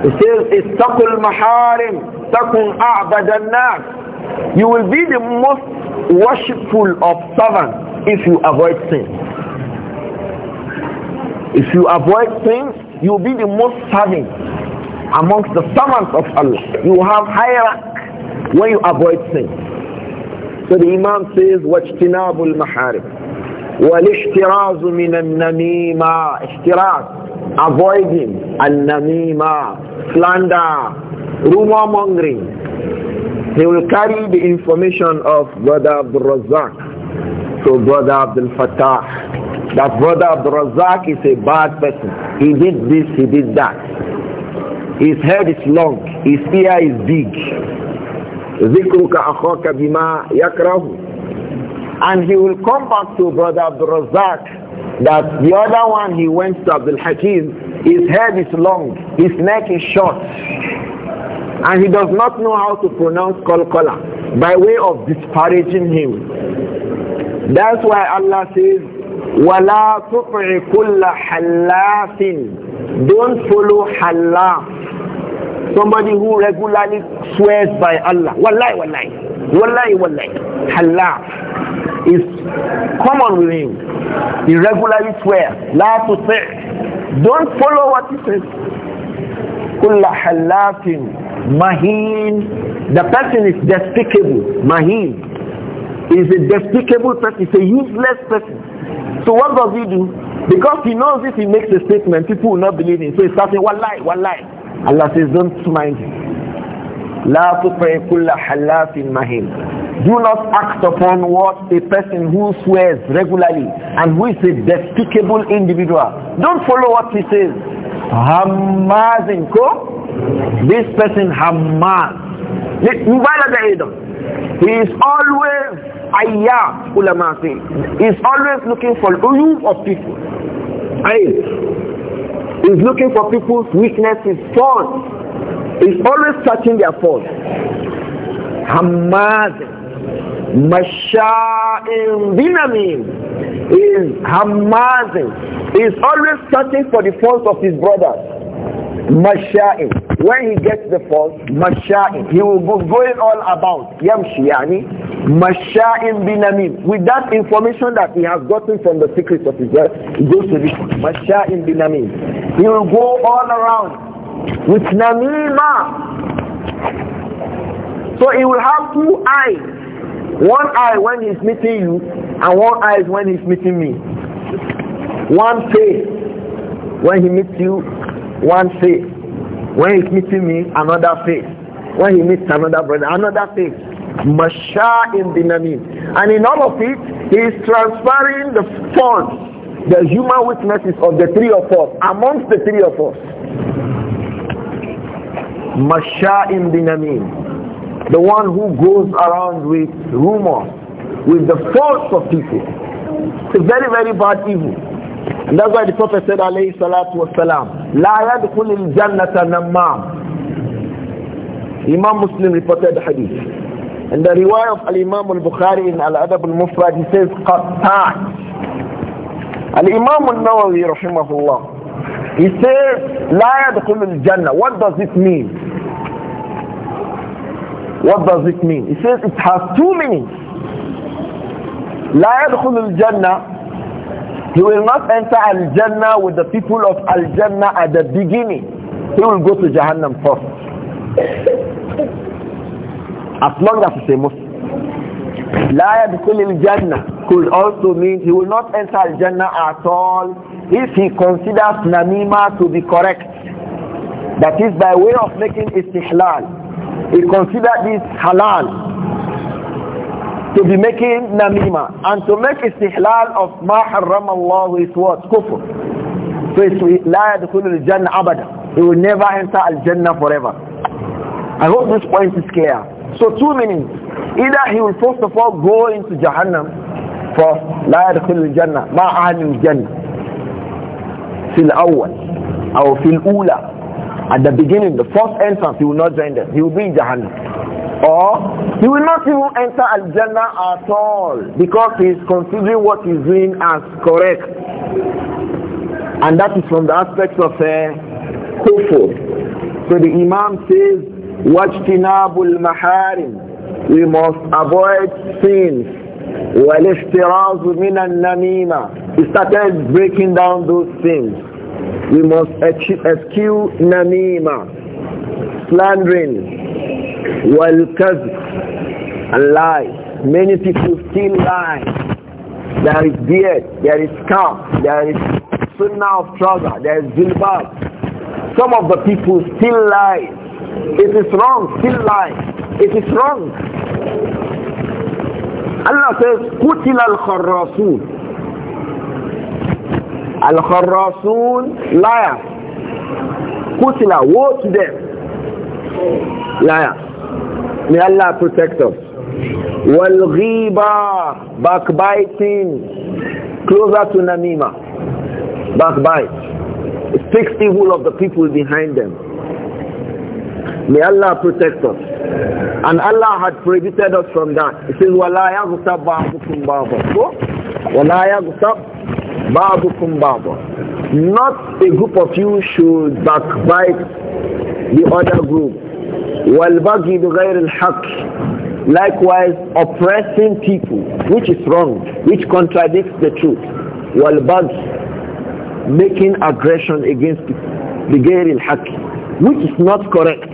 Speaker 1: He says, istakul maharim, تَكُنْ أَعْبَدَ النَّاسِ You will be the most worshipful of servants, if you avoid sin. If you avoid sin, you'll be the most serving amongst the servants of Allah. You will have higher rank when you avoid sin. So the Imam says, وَاجْتِنَابُ الْمَحَارِمِ وَالِاشْتِرَازُ مِنَ النَّمِيمَةِ اشْتِرَازُ Avoiding al-namima, slander, rumor mongering, he will carry the information of Brother Abdul Razak to Brother Abdul Fattah. That Brother Abdul Razak is a bad person. He did this, he did that. His head is long, his ear is big. and he will come back to brother Abdul Razak that the other one he went to Abdul Hakim his head is long his neck is short and he does not know how to pronounce Qalqala by way of disparaging him. That's why Allah says, وَلَا تُطْعِ كُلَّ حَلَّافٍ Don't follow halaf. Somebody who regularly swears by Allah. Wallahi, wallahi. Wallahi, wallahi. Halaf is common with him. He regularly swears. La to say. Don't follow what he says. Kulla halafin. Mahin, the person is despicable. Mahin is a despicable person, is a useless person. So what does he do? Because he knows if he makes a statement, people will not believe him. So he starts saying, one lie, one lie. Allah says, don't mind him. لا تطع كل حلاف مهين do not act upon what a person who swears regularly and who is a despicable individual. Don't follow what he says. Hamazin ko this person Hammad. Mubalad Adam. He is always ayya ulama He is always looking for uyub of people. Ayy. He is looking for people's weaknesses, faults. He is always searching their faults. Hammad. Masha'in binamim is Hamazin. He is always searching for the faults of his brothers. Masha'in. When he gets the fault, Masha'in. He will go going all about. Yamshi yani. Masha'in bin Amim. With that information that he has gotten from the secrets of Israel, he goes to this Masha'in bin Amim. He will go all around with Namima. So he will have two eyes. One eye when he's meeting you and one eye when he's meeting me. One face when he meets you one faith. When he's meeting me, another faith. When he meets another brother, another faith. Masha in Dinamim. And in all of it, he is transferring the funds, the human witnesses of the three of us, amongst the three of us. Masha in Dinamim. The one who goes around with rumors, with the faults of people. It's a very, very bad evil. And that's why the Prophet said, alayhi salatu wasalam, لا يدخل الجنة نمام Imam مسلم reported the hadith in the riwayah of الادب imam Al-Bukhari in Al-Adab Al-Mufrad he says imam al he says لا يدخل الجنة what does it mean what does it mean he says it has two meanings لا يدخل الجنة He will not enter Al-Jannah with the people of Al-Jannah at the beginning. He will go to Jahannam first. As long as he's a Muslim. La al-jannah could also mean he will not enter al-jannah at all if he considers namima to be correct. That is by way of making istihlal. He considers this halal to be making namima and to make istihlal of ma harrama Allah is what? Kufr. So it's la yadkhulul jannah abada. He will never enter al-jannah forever. I hope this point is clear. So two meanings. Either he will first of all go into Jahannam for la yadkhulul jannah ma ahlul jannah fil awwal or fil ula at the beginning, the first entrance, he will not join them. He will be in Jahannam. Or he will not even enter Al-Jannah at all because he is considering what he's doing as correct. And that is from the aspect of uh, kufur. So the Imam says, وَاجْتِنَابُ maharim We must avoid sins. وَالْإِفْتِرَازُ مِنَ النَّمِيمَةِ He started breaking down those things. We must excuse namima slandering, wal kazb, and lies. Many people still lie. There is beard, there is scarf, there is sunnah of trouser, there is jilbab. Some of the people still lie. It is wrong, still lie. It is wrong. Allah says, al الخراصون الْخَرَّاصُونَ Al-Kharrasun, liar. Kutila, woe to them. Liar. May Allah protect us. Wal-ghiba, backbiting, closer to Namima, backbite. It takes evil of the people behind them. May Allah protect us. And Allah had prohibited us from that. He says, وَلَا يَغْتَبْ بَعْضُكُمْ بَعْضًا وَلَا يَغْتَبْ بَعْضُكُمْ بَعْضًا not a group of you should backbite the other group. وَالْبَغِي بِغَيْرِ الْحَقِّ Likewise, oppressing people, which is wrong, which contradicts the truth. وَالْبَغِي Making aggression against people. بِغَيْرِ الْحَقِّ Which is not correct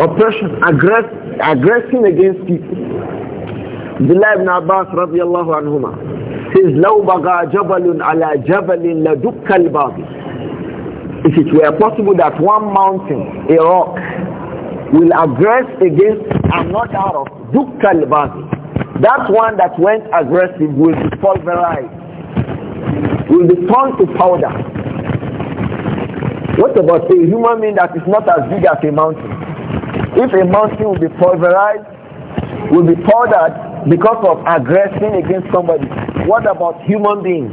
Speaker 1: oppression, aggress, aggressing against people. Bilal ibn Abbas radiallahu anhumah says, لَوْ بَغَى جَبَلٌ عَلَى جَبَلٍ لَدُكَّ الْبَابِ If it were possible that one mountain, a rock, will aggress against another rock, دُكَّ الْبَابِ That one that went aggressive will be pulverized, will be turned to powder. What about a human being that is not as big as a mountain? If a mountain will be pulverized, will be powdered, because of aggressing against somebody. What about human beings?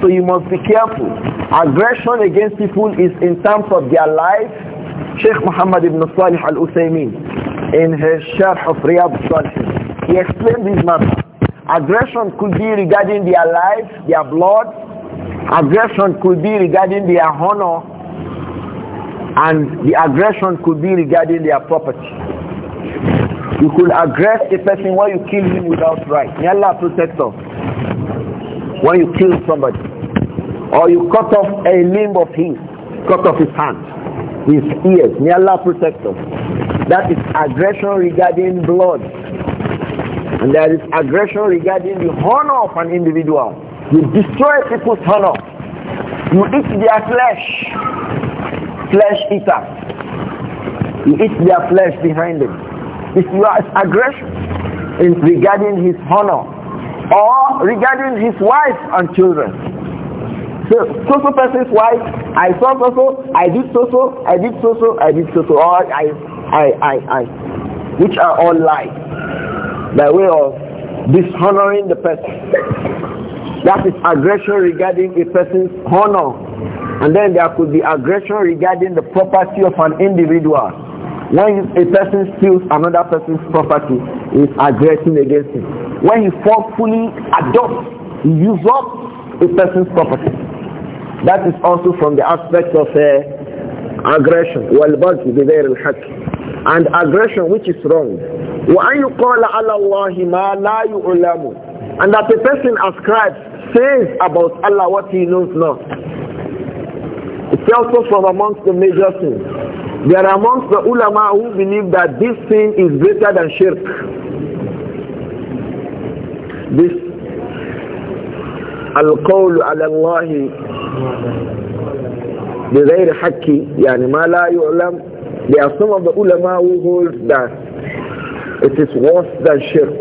Speaker 1: So you must be careful. Aggression against people is in terms of their life. Sheikh Muhammad ibn Salih al Utsaimin, in his Sharh of Riyadh salihin he explained this matter. Aggression could be regarding their life, their blood. Aggression could be regarding their honor. And the aggression could be regarding their property. You could aggress a person when you kill him without right. May Allah protect us. When you kill somebody. Or you cut off a limb of his, cut off his hand, his ears. May Allah protect us. That is aggression regarding blood. And there is aggression regarding the honor of an individual. You destroy people's honor. You eat their flesh. Flesh eater. You eat their flesh behind them. If you are aggression in regarding his honor or regarding his wife and children. So, so-so person's wife, I saw so-so, I did so-so, I did so-so, I did so-so, or I, I, I, I, which are all lies by way of dishonoring the person. That is aggression regarding a person's honor. And then there could be aggression regarding the property of an individual. When a person steals another person's property, is aggressing against him. When he forcefully adopts, he up a person's property. That is also from the aspect of uh, aggression. والبغي بغير الحق and aggression which is wrong. and that the person ascribes says about Allah what he knows not. It's also from amongst the major sins there are amongst the ulama who believe that this thing is greater than shirk. This القول على الله بغير حق يعني ما لا يعلم There are some of the ulama who hold that it is worse than shirk.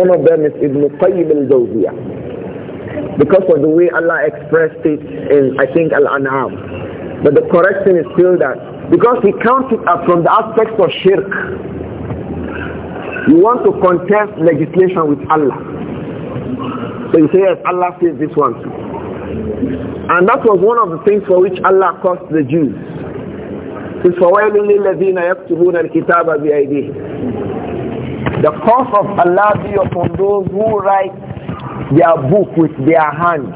Speaker 1: One of them is Ibn Qayyim al-Jawziyah. Because of the way Allah expressed it in, I think, Al-An'am. But the correction is still that because he counts it as from the aspects of shirk. You want to contest legislation with Allah. So you say, yes, Allah says this one. And that was one of the things for which Allah cursed the Jews. The curse of Allah be upon those who write their book with their hands.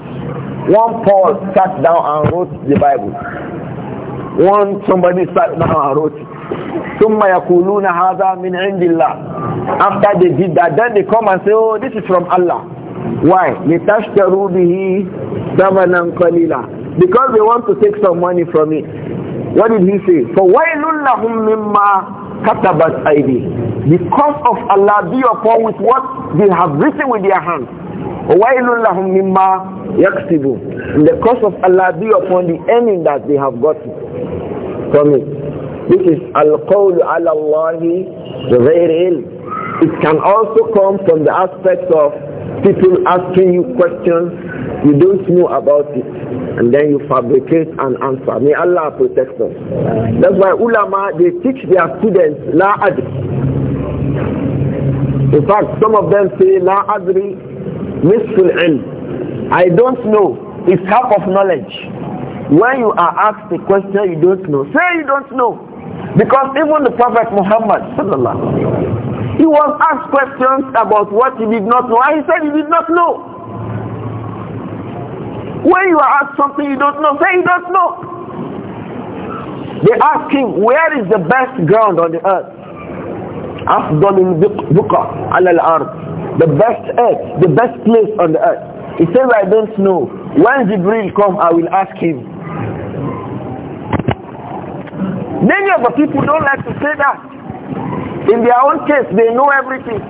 Speaker 1: One Paul sat down and wrote the Bible. One somebody sat down and wrote it. ثم يقولون هذا من عند الله after they did that then they come and say oh this is from Allah why لتشتروا به ثمنا قليلا because they want to take some money from it what did he say فويل لهم مما كتبت أيديهم the Because of Allah be upon with what they have written with their hands وَوَيْلٌ لَهُمْ مِمَّا يَكْسِبُونَ The curse of Allah be upon the earning that they have gotten from it. This is al-qawlu ala Allahi It can also come from the aspect of people asking you questions you don't know about it and then you fabricate an answer may allah protect us that's why ulama they teach their students la adri in fact some of them say la adri Nisful ilm. I don't know. It's half of knowledge. When you are asked a question you don't know, say you don't know. Because even the Prophet Muhammad, he was asked questions about what he did not know, and he said he did not know. When you are asked something you don't know, say you don't know. They ask him, where is the best ground on the earth? أفضل بقعة al الأرض the best earth, the best place on the earth. He says, I don't know. When Jibril come, I will ask him. Many of the people don't like to say that. In their own case, they know everything.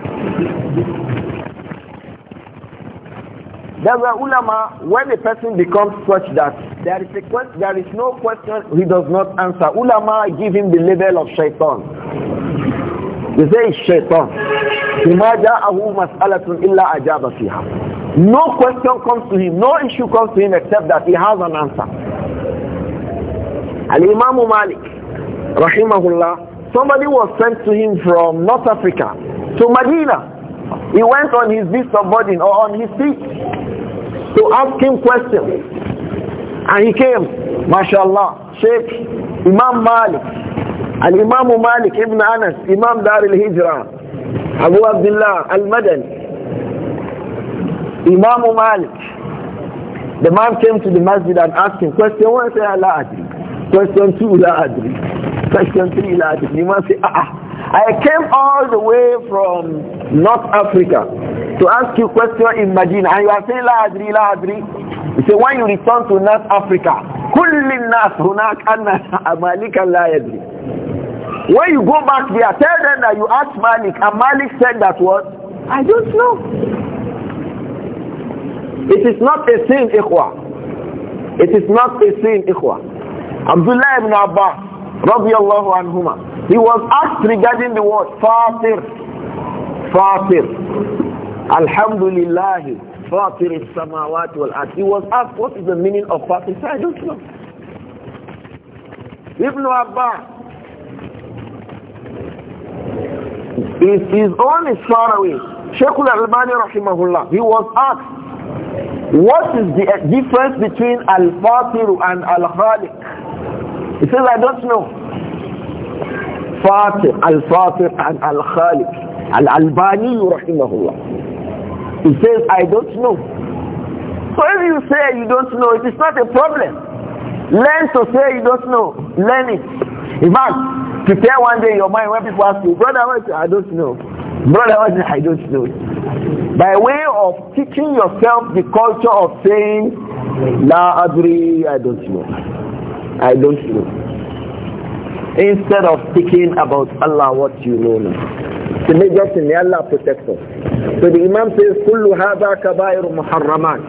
Speaker 1: There are ulama, when a person becomes such that there is, a there is no question he does not answer. Ulama give him the level of shaitan. They say it's shaitan. بما جاءه Mas'Alatun Illa أجاب No question comes to him, no issue comes to him except that he has an answer. Al-Imam Malik, rahimahullah, somebody was sent to him from North Africa, to Medina. He went on his beast of burden or on his feet to ask him questions. And he came, mashallah, Sheikh Imam Malik, Al-Imam Malik ibn Anas, Imam Dar al-Hijrah, Abu Abdullah Al-Madani, Imam Malik. The man came to the masjid and asked him, question one, say Allah Adri. Question two, La Adri. Question three, La Adri. The man said, ah, ah. I came all the way from North Africa to ask you question in Medina and you are saying La Adri, La Adri. He said, when you return to North Africa, كل الناس هناك أن مالكا لا يدري when you go back there, tell them that you asked Malik, and Malik said that what? I don't know. It is not a sin, ikhwa. It is not a sin, ikhwa. Abdullah ibn Abbas, radiallahu anhuma, he was asked regarding the word fatir. Fatir. Alhamdulillah. Fatir al-samawat wal-ard. He was asked, what is the meaning of fatir? He said, I don't know. Ibn Abbas, his, his far away. Sheikh al-Albani rahimahullah, he was asked, what is the uh, difference between al-fatir and al-khaliq? He says, I don't know. Fatir, al-fatir and al-khaliq. Al-Albani rahimahullah. He says, I don't know. So if you say you don't know, it is not a problem. Learn to say you don't know. Learn it. In fact, Prepare one day your mind when people ask you, brother, what? I don't know. Brother, what? I don't know. By way of teaching yourself the culture of saying, La Adri, I don't know. I don't know. Instead of speaking about Allah, what you know now. The major thing, Allah protects us. So the Imam says, كل هذا كبائر محرمات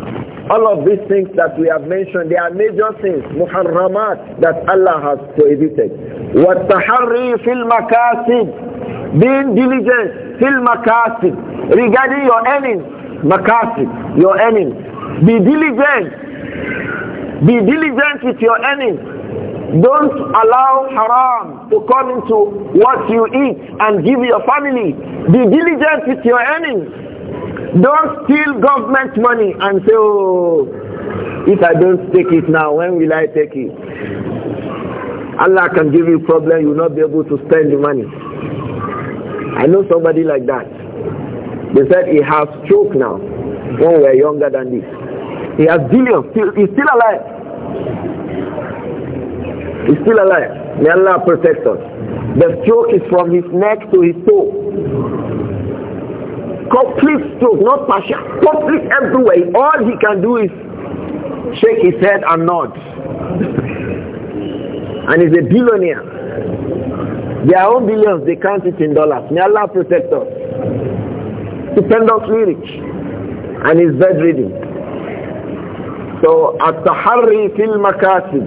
Speaker 1: all of these things that we have mentioned, they are major things. muharramat, that Allah has prohibited. وَالتَّحَرِّي فِي الْمَكَاسِبِ Being diligent, fil makasib, regarding your earnings, makasib, your earnings. Be diligent. Be diligent with your earnings. Don't allow haram to come into what you eat and give your family. Be diligent with your earnings. Don't steal government money and say, oh, if I don't take it now, when will I take it? Allah can give you problem, you will not be able to spend the money. I know somebody like that. They said he has stroke now, when we are younger than this. He has billions, still, he's still alive. He's still alive. May Allah protect us. The stroke is from his neck to his toe. Complete stroke, not partial. Complete everywhere. All he can do is shake his head and nod. and he's a billionaire. Their own billions, they count it in dollars. May Allah protect us. Stupendously rich. And he's bedridden. So, at-tahari fil makasib.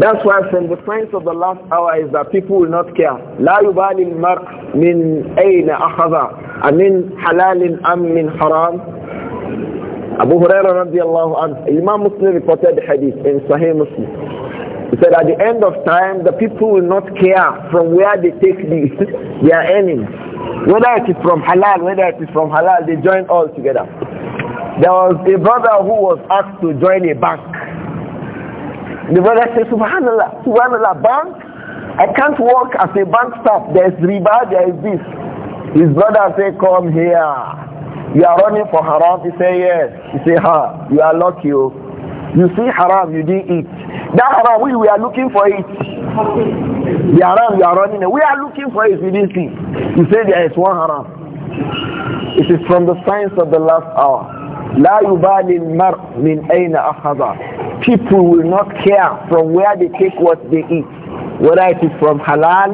Speaker 1: That's why from the signs of the last hour is that people will not care. لا يبالي المرء من أين أخذ amin halalin أم من haram? Abu Huraira radiallahu anhu, Imam Muslim reported the hadith in Sahih Muslim. He said at the end of time, the people will not care from where they take the, [LAUGHS] their earnings. Whether it is from halal, whether it is from halal, they join all together. There was a brother who was asked to join a bank. The brother said, Subhanallah, Subhanallah, bank? I can't work as a bank staff. There is riba, there is this. His brother say, come here. You are running for haram. He say, yes. He say, ha, you are lucky. Oh. You see haram, you didn't eat. That haram, we, we are looking for it. The haram you are running, we are looking for it, we didn't see. You say there is one haram. It is from the signs of the last hour. لا يبالي المرء من أين أخذ People will not care from where they take what they eat, whether it is from halal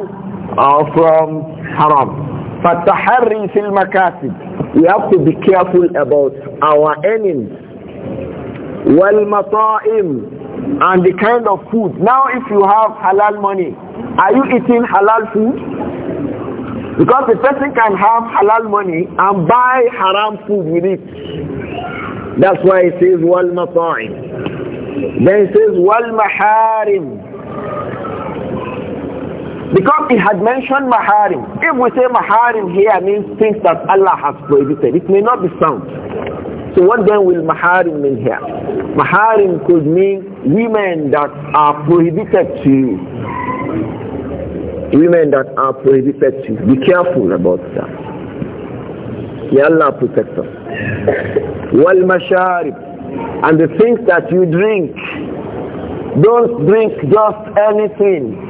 Speaker 1: or from haram. فَتَحَرِّي فِي الْمَكَاسِبِ We have to be careful about our earnings. mataim, And the kind of food. Now if you have halal money, are you eating halal food? Because the person can have halal money and buy haram food with it. That's why it says wal mataim. Then it says wal maharim. Because he had mentioned maharim. If we say maharim here means things that Allah has prohibited, it may not be sound. So what then will maharim mean here? Maharim could mean women that are prohibited to you. Women that are prohibited to you. Be careful about that. Ya Allah protect us. Wal masharib. And the things that you drink. Don't drink just anything.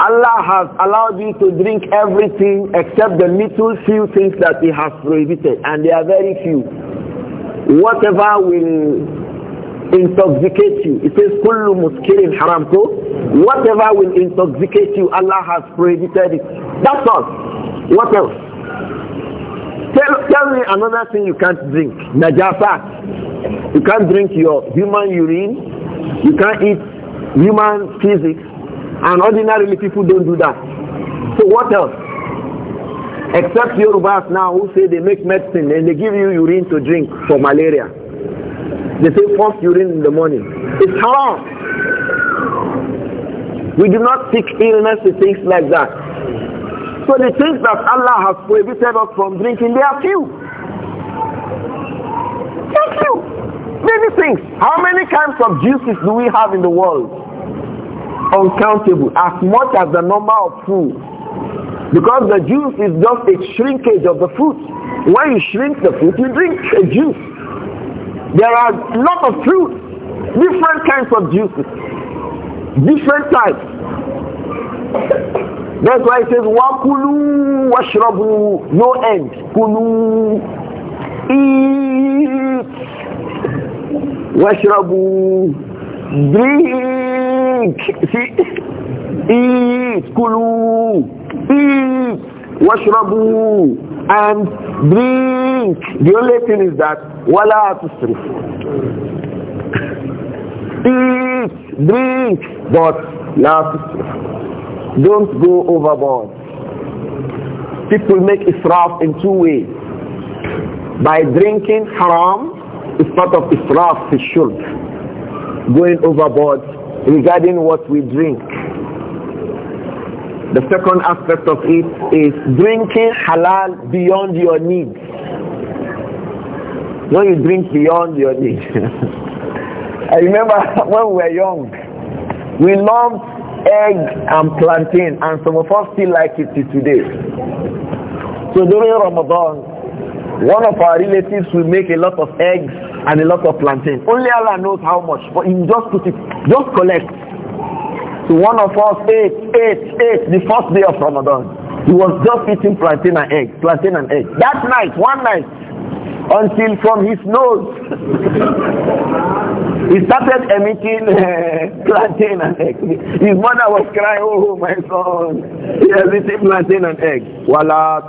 Speaker 1: Allah has allowed you to drink everything except the little few things that He has prohibited, and they are very few. Whatever will intoxicate you, it says kullu muskirin haram ko. Whatever will intoxicate you, Allah has prohibited it. That's all. What else? Tell, tell me another thing you can't drink. Najasa. You can't drink your human urine. You can't eat human physics. And ordinarily people don't do that. So what else? Except your bath now who say they make medicine and they give you urine to drink for malaria. They say first urine in the morning.
Speaker 2: It's haram.
Speaker 1: We do not seek illness to things like that. So the things that Allah has prohibited us from drinking, they are few. Thank you. Many things. How many kinds of juices do we have in the world? uncountable as much as the number of food. Because the juice is just a shrinkage of the fruit. When you shrink the fruit, you drink a juice. There are a lot of fruit, different kinds of juices, different types. That's why it says, Wakulu washrabu, no end. Kulu, eat, washrabu, drink, see, eat, kulu, eat, washrabu, and drink. The only thing is that wala tusrif. Eat, drink, but la tusrif. Don't go overboard. People make israf in two ways. By drinking haram, it's part of israf, it's shirk going overboard regarding what we drink. The second aspect of it is drinking halal beyond your needs. No, you drink beyond your needs. [LAUGHS] I remember [LAUGHS] when we were young, we loved egg and plantain and some of us still like it today. So during Ramadan, one of our relatives will make a lot of eggs and a lot of plantain. Only Allah knows how much, but he just put it, just collect. So one of us ate, ate, ate the first day of Ramadan. He was just eating plantain and egg, plantain and egg. That night, one night, until from his nose he started emitting uh, plantain and egg. His mother was crying, oh my son, he has eaten plantain and egg. وَلَا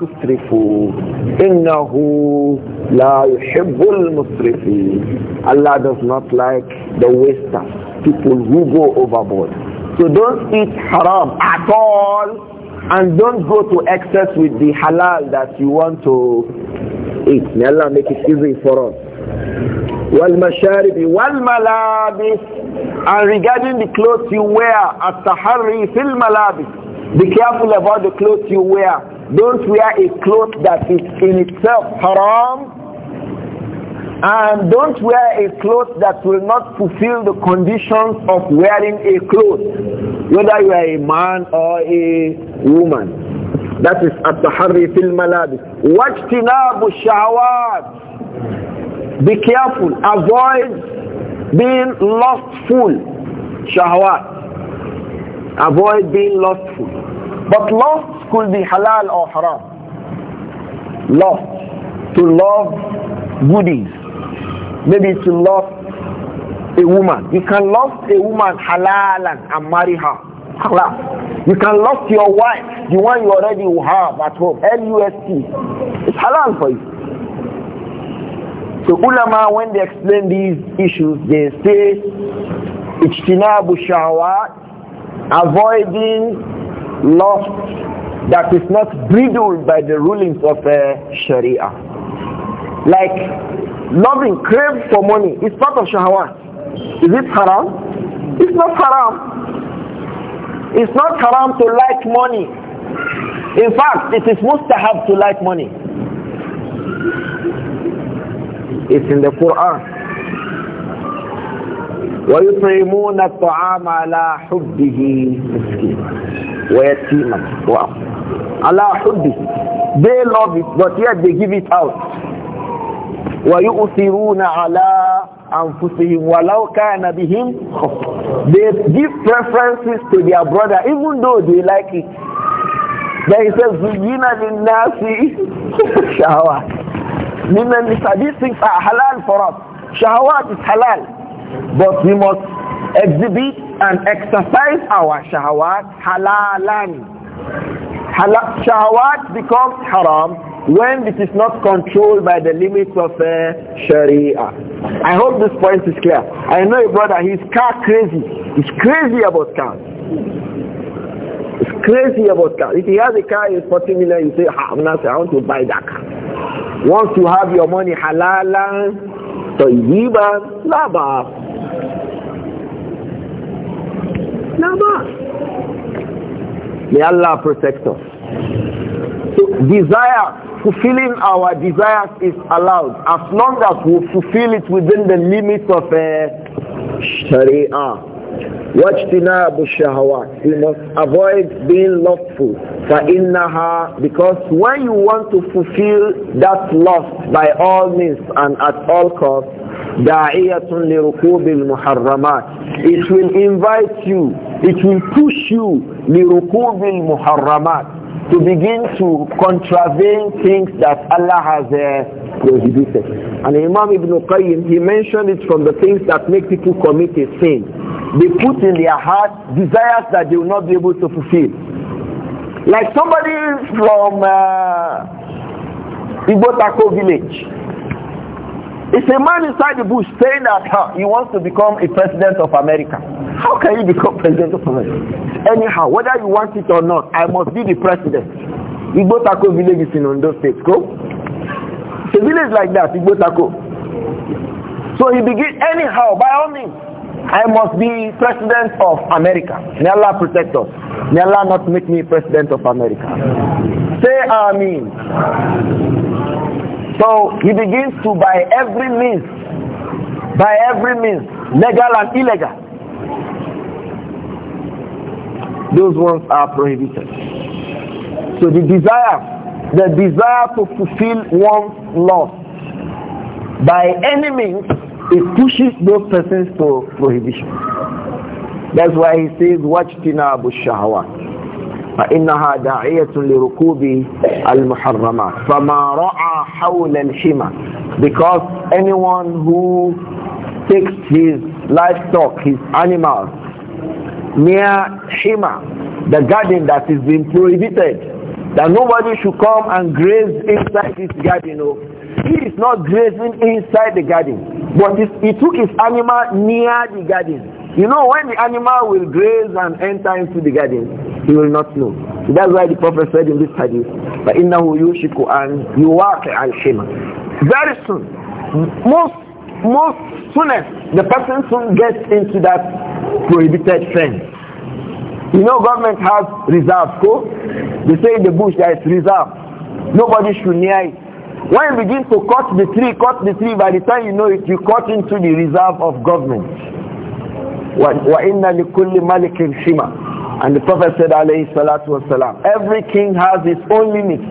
Speaker 1: Inna hu la يُحِبُّ musrifi. Allah does not like the waster people who go overboard. So don't eat haram at all and don't go to excess with the halal that you want to eat. May Allah make it easy for us. وَالْمَشَارِبِ وَالْمَلَابِسِ And regarding the clothes you wear, التحري في الملابس. Be careful about the clothes you wear. Don't wear a cloth that is in itself haram. And don't wear a cloth that will not fulfill the conditions of wearing a cloth, whether you are a man or a woman. That is at-tahari fil malabis. Wajtinabu shahawat. Be careful. Avoid being lustful. Shahawat. Avoid being lustful. But lust could be halal or haram. Lust. To love goodies. Maybe to love a woman. You can love a woman halalan and marry her. You can lust your wife, the one you already have at home, L-U-S-T. It's halal for you. So ulama, when they explain these issues, they say, اجتناب الشهوات, avoiding lust that is not bridled by the rulings of uh, Sharia. Like loving, crave for money is part of shahwat. Is it haram? It's not haram. It's not haram to like money. In fact, it is mustahab to like money. It's in the Quran. ويطعمون الطعام على حبه مسكينا ويتيما wow. على حبه they love it but yet they give it out ويؤثرون على أنفسهم him, كان بهم خصوص. They give preferences to their brother even though they like it. Then he says, زُيِّنَ لِلنَّاسِ شَهَوَاتِ من النساء These things are halal for us. Shahawat is halal. But we must exhibit and exercise our shahawat halalan. Hala shahawat becomes haram when it is not controlled by the limits of uh, Sharia. I hope this point is clear. I know a brother, he's car crazy. He's crazy about cars. He's crazy about cars. If he has a car, he's 40 million, you say, I'm not, I want to buy that car. Once you have your money halal halalan, tayyiban, labab. Labab. May Allah protect us. So desire fulfilling our desires is allowed as long as we fulfill it within the limits of uh, Sharia. Watch الشهوات you must avoid being lustful فإنها because when you want to fulfill that lust by all means and at all costs داعية لركوب المحرمات it will invite you it will push you لركوب المحرمات to begin to contravene things that Allah has uh, prohibited. And Imam Ibn Qayyim, he mentioned it from the things that make people commit a sin. They put in their heart desires that they will not be able to fulfill. Like somebody from uh, Ibotako village, if a man inside the bush saying that huh, he wants to become a president of America, how can you become [LAUGHS] president of America? Anyhow, whether you want it or not, I must be the president. Igbo Tako village is in Ondo State. Go. It's a village like that, Igbo Tako. So he begins, anyhow, by all means, I must be president of America. May Allah protect us. May Allah not make me president of America. Say Amen. So he begins to by every means, by every means, legal and illegal. Those ones are prohibited. So the desire, the desire to fulfill one's lust by any means, it pushes those persons to prohibition. That's why he says, "Watch Abu Shahwa, فإنها داعية لركوب المحرمات فما رأى حول الحمى because anyone who takes his livestock, his animals near Hima, the garden that is being prohibited, that nobody should come and graze inside this garden. No. Oh. He is not grazing inside the garden, but he took his animal near the garden. You know, when the animal will graze and enter into the garden, he will not know. that's why the Prophet said in this hadith, فَإِنَّهُ يُوشِكُ أَنْ al shima. Very soon, most, most soonest, the person soon gets into that prohibited thing. You know government has reserve code. They say in the bush there is reserve. Nobody should near it. When you begin to cut the tree, cut the tree, by the time you know it, you cut into the reserve of government. وَإِنَّ لِكُلِّ مَلِكٍ شِمَى and the Prophet said, alayhi salatu wasalam, every king has his own limits.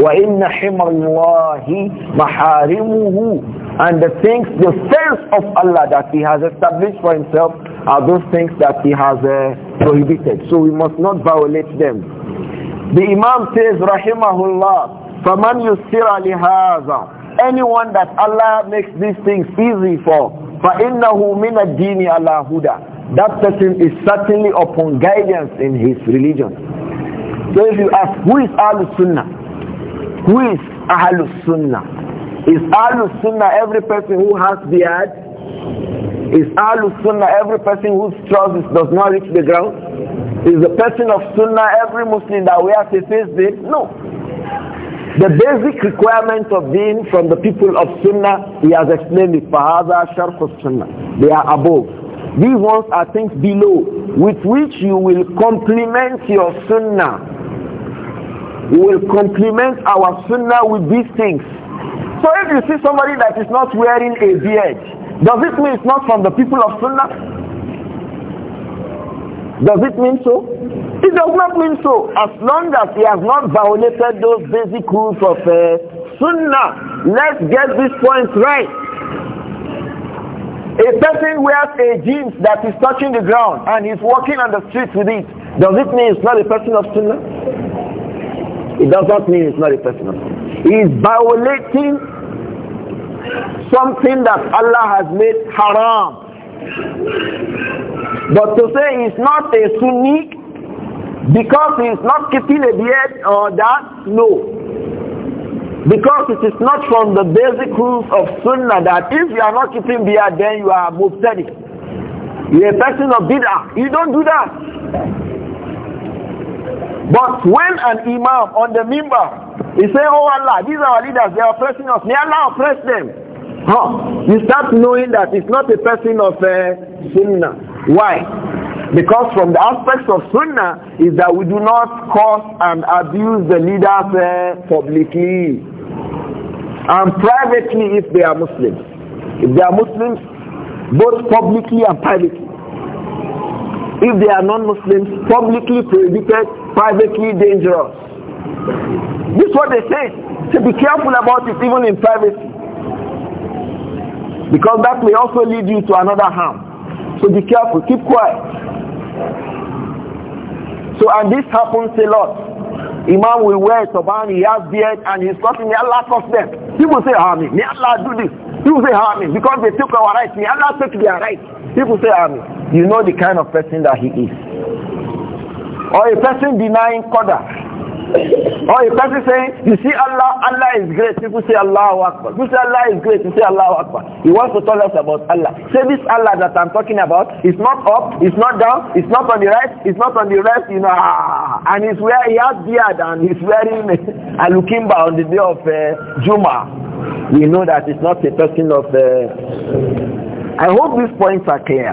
Speaker 1: وَإِنَّ حِمَرِ اللَّهِ مَحَارِمُهُ and the things, the sense of Allah that He has established for Himself are those things that He has uh, prohibited. So we must not violate them. The Imam says, Rahimahullah, فَمَنْ يُسِّرَ لِهَذَا Anyone that Allah makes these things easy for, فَإِنَّهُ مِنَ الدِّينِ عَلَى هُدَى that person is certainly upon guidance in his religion. So if you ask, who is al Sunnah? Who is al Sunnah? Is Al-Sunnah? Who is Sunnah every person who has beard? Is al Sunnah every person whose trousers does not reach the ground? Is the person of Sunnah every Muslim that wears a face veil? No. The basic requirement of being from the people of Sunnah, he has explained it, فَهَذَا شَرْفُ Sunnah. They are above. These ones are things below with which you will complement your sunnah. You will complement our sunnah with these things. So if you see somebody that is not wearing a beard, does it mean it's not from the people of sunnah? Does it mean so? It does not mean so. As long as he has not violated those basic rules of uh, sunnah. Let's get this point right. A person wears a jeans that is touching the ground and he's walking on the street with it. Does it mean it's not a person of sunnah? It does not mean it's not a person of sunnah. He is violating something that Allah has made haram. But to say he's not a Sunni because he's not keeping a beard or that, no. Because it is not from the basic rules of Sunnah that if you are not keeping bidah, then you are mubtadi. You're a person of bid'ah. You don't do that. But when an imam on the mimbar, he say, oh Allah, these are our leaders, they are oppressing us. May Allah oppress them. Huh? You start knowing that it's not a person of uh, Sunnah. Why? Because from the aspects of sunnah is that we do not cause and abuse the leaders uh, publicly and privately if they are Muslims. If they are Muslims, both publicly and privately. If they are non-Muslims, publicly prohibited, privately dangerous. This is what they say. So be careful about it even in privacy. Because that may also lead you to another harm. So be careful, keep quiet. So, and this happens a lot. Imam will wear turban, he has beard, and he's talking, may Allah of them. People say, Amen. May Allah do this. People say, Amen. Because they took our rights. May Allah take their rights. People say, Amen. You know the kind of person that he is. Or a person denying Qadr. Oh, a person saying, you see Allah, Allah is great. People say Allah Akbar. People say Allah is great. You say Allah Akbar. He wants to tell us about Allah. Say this Allah that I'm talking about It's not up, it's not down, it's not on the right, it's not on the left, you know. Ah, and he's where he has beard and he's wearing a [LAUGHS] lukimba on the day of uh, Juma. We know that it's not a person of... Uh, I hope these points are clear.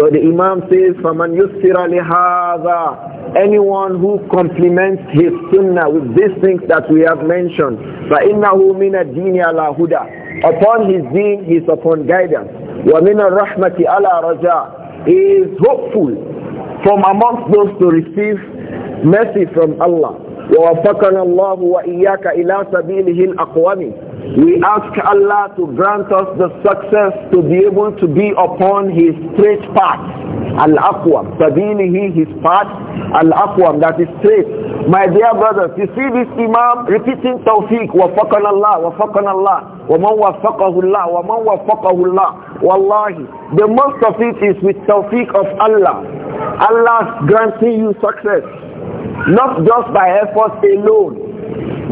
Speaker 1: So the Imam says, فَمَنْ يُسِّرَ لِهَذَا Anyone who complements his sunnah with these things that we have mentioned, فَإِنَّهُ مِنَ الدِّينِ عَلَى هُدَى Upon his deen, he is upon guidance. وَمِنَ الرَّحْمَةِ عَلَى رَجَى He is hopeful from amongst those to receive mercy from Allah. wa اللَّهُ وَإِيَّاكَ إِلَى سَبِيلِهِ الْأَقْوَمِ we ask Allah to grant us the success to be able to be upon His straight path. Al-Aqwam. He His path. Al-Aqwam, that is straight. My dear brothers, you see this Imam repeating Tawfiq. وَفَقَنَ Allah, وَفَقَنَ اللَّهُ وَمَنْ وَفَقَهُ اللَّهُ وَمَنْ wa اللَّهُ Wallahi. The most of it is with Tawfiq of Allah. Allah granting you success. Not just by effort alone.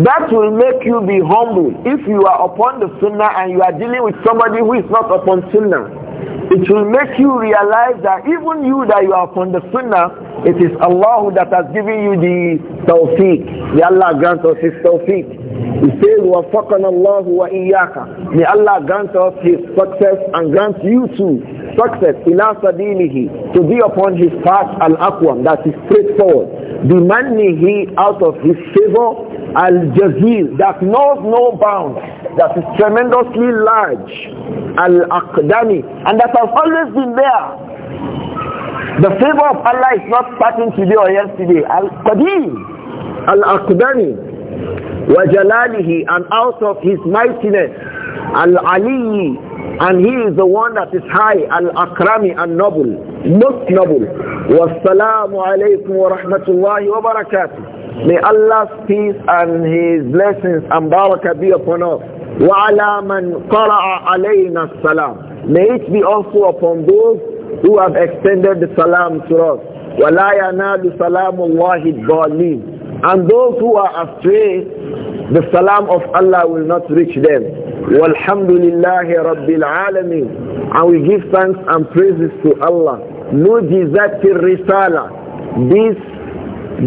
Speaker 1: That will make you be humble. If you are upon the sunnah and you are dealing with somebody who is not upon sunnah, it will make you realize that even you that you are upon the sunnah, it is Allah that has given you the tawfiq. May Allah grant us His tawfiq. He says, وَفَقَنَ اللَّهُ وَإِيَّاكَ May Allah grant us His success and grant you too success ila sabilihi to be upon his path al aqwam that is straightforward He out of his favor al jazil that knows no bounds that is tremendously large al aqdami and that has always been there the favor of Allah is not starting today or yesterday al qadim al aqdami wa jalalihi and out of his mightiness al ali. And he is the one that is high, al-akrami, al-noble, most noble. Wassalamu alaykum wa rahmatullahi wa barakatuh. May Allah's peace and his blessings and barakah be upon us. Wa ala man qara'a alayna salam. May it be also upon those who have extended the salam to us. Wa ولا ينال سلام الله الضالين and those who are astray, the salam of Allah will not reach them. Walhamdulillahi Rabbil Alameen. And we give thanks and praises to Allah. Nujizati Risala. This,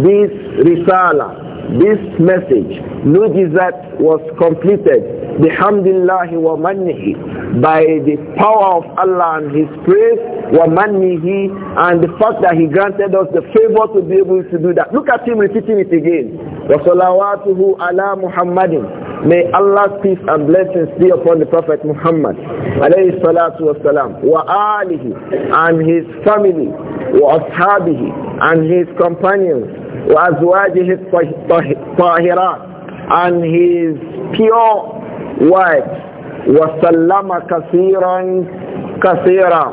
Speaker 1: this Risala this message, Nujizat was completed, bihamdillahi wa mannihi, by the power of Allah and His praise, wa mannihi, and the fact that He granted us the favor to be able to do that. Look at him repeating it again. Wa salawatuhu ala Muhammadin. May Allah's peace and blessings be upon the Prophet Muhammad, alayhi salatu wasalam, wa alihi, and his family, wa ashabihi, and his companions, wa azwajihi tahirat and his pure wife وَسَلَّمَ كَثِيرًا كَثِيرًا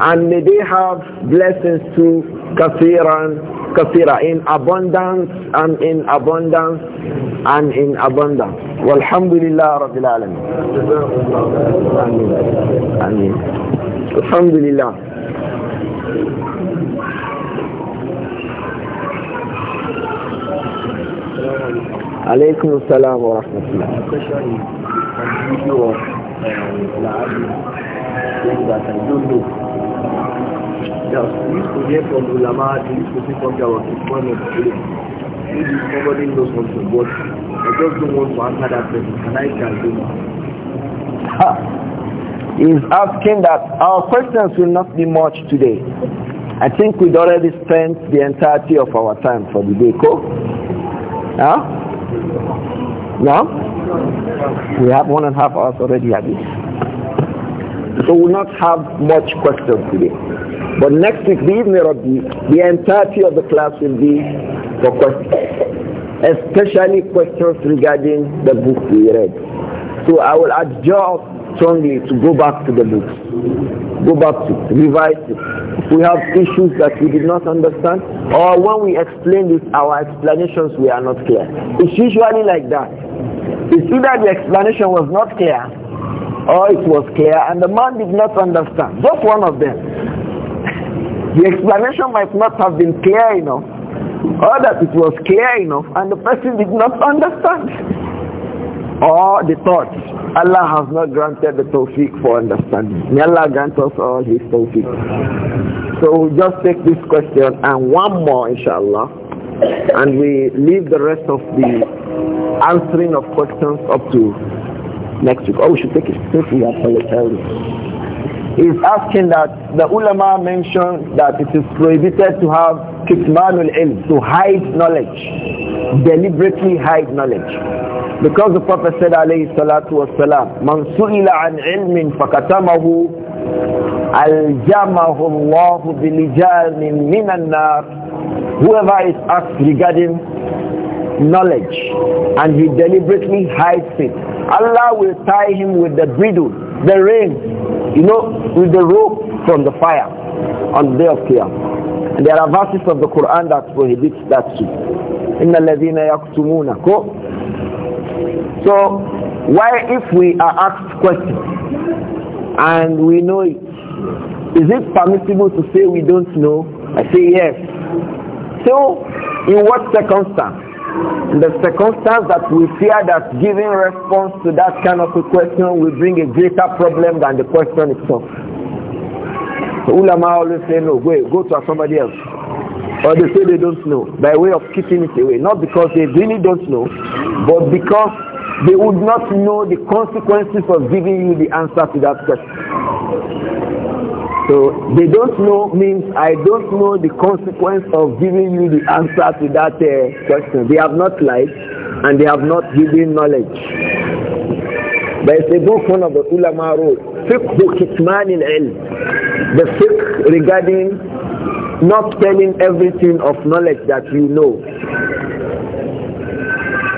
Speaker 1: And may they have blessings to كَثِيرًا كَثِيرًا in abundance and in abundance and in abundance. walhamdulillah rabbil رَبِّ Amin. Amin. Alhamdulillah. Alaykum assalam wa rahmatullah. Question that do Just to to I just want to answer that question. Can I He is asking that our questions will not be much today. I think we'd already spent the entirety of our time for the day. Cool? Huh? Now? We have one and a half hours already, have So we'll not have much questions today. But next week, the evening of the, the entirety of the class will be for questions. Especially questions regarding the book we read. So I will adjust strongly to go back to the books, Go back to it, revise it. If we have issues that we did not understand, or when we explain it, our explanations were not clear. It's usually like that. It's either the explanation was not clear, or it was clear, and the man did not understand. Just one of them. The explanation might not have been clear enough, or that it was clear enough, and the person did not understand or the thoughts. Allah has not granted the tawfiq for understanding. May Allah grant us all his tawfiq. So we just take this question and one more inshallah and we leave the rest of the answering of questions up to next week. Oh, we should take it since we have time is asking that the ulama mentioned that it is prohibited to have kitmanul ilm, to hide knowledge, deliberately hide knowledge. Because the Prophet said alayhi salatu wasalam, man su'ila an ilmin fakatamahu aljamahu Allahu bilijamin minan nar. Whoever is asked regarding knowledge and he deliberately hides it, Allah will tie him with the bridle, the ring, you know, with the rope from the fire on the day of Qiyamah. And there are verses of the Quran that prohibits that too. إِنَّ الَّذِينَ يَكْتُمُونَ So, why if we are asked questions and we know it, is it permissible to say we don't know? I say yes. So, in what circumstance? The circumstance that we fear that giving response to that kind of a question will bring a greater problem than the question itself. So ulama always say no, wait, go to somebody else. Or they say they don't know by way of keeping it away. Not because they really don't know, but because they would not know the consequences of giving you the answer to that question. So they don't know means I don't know the consequence of giving you the answer to that uh, question. They have not lied and they have not given knowledge. There is a book one of the ulama wrote, Fiqh man in Ilm, the fiqh regarding not telling everything of knowledge that you know.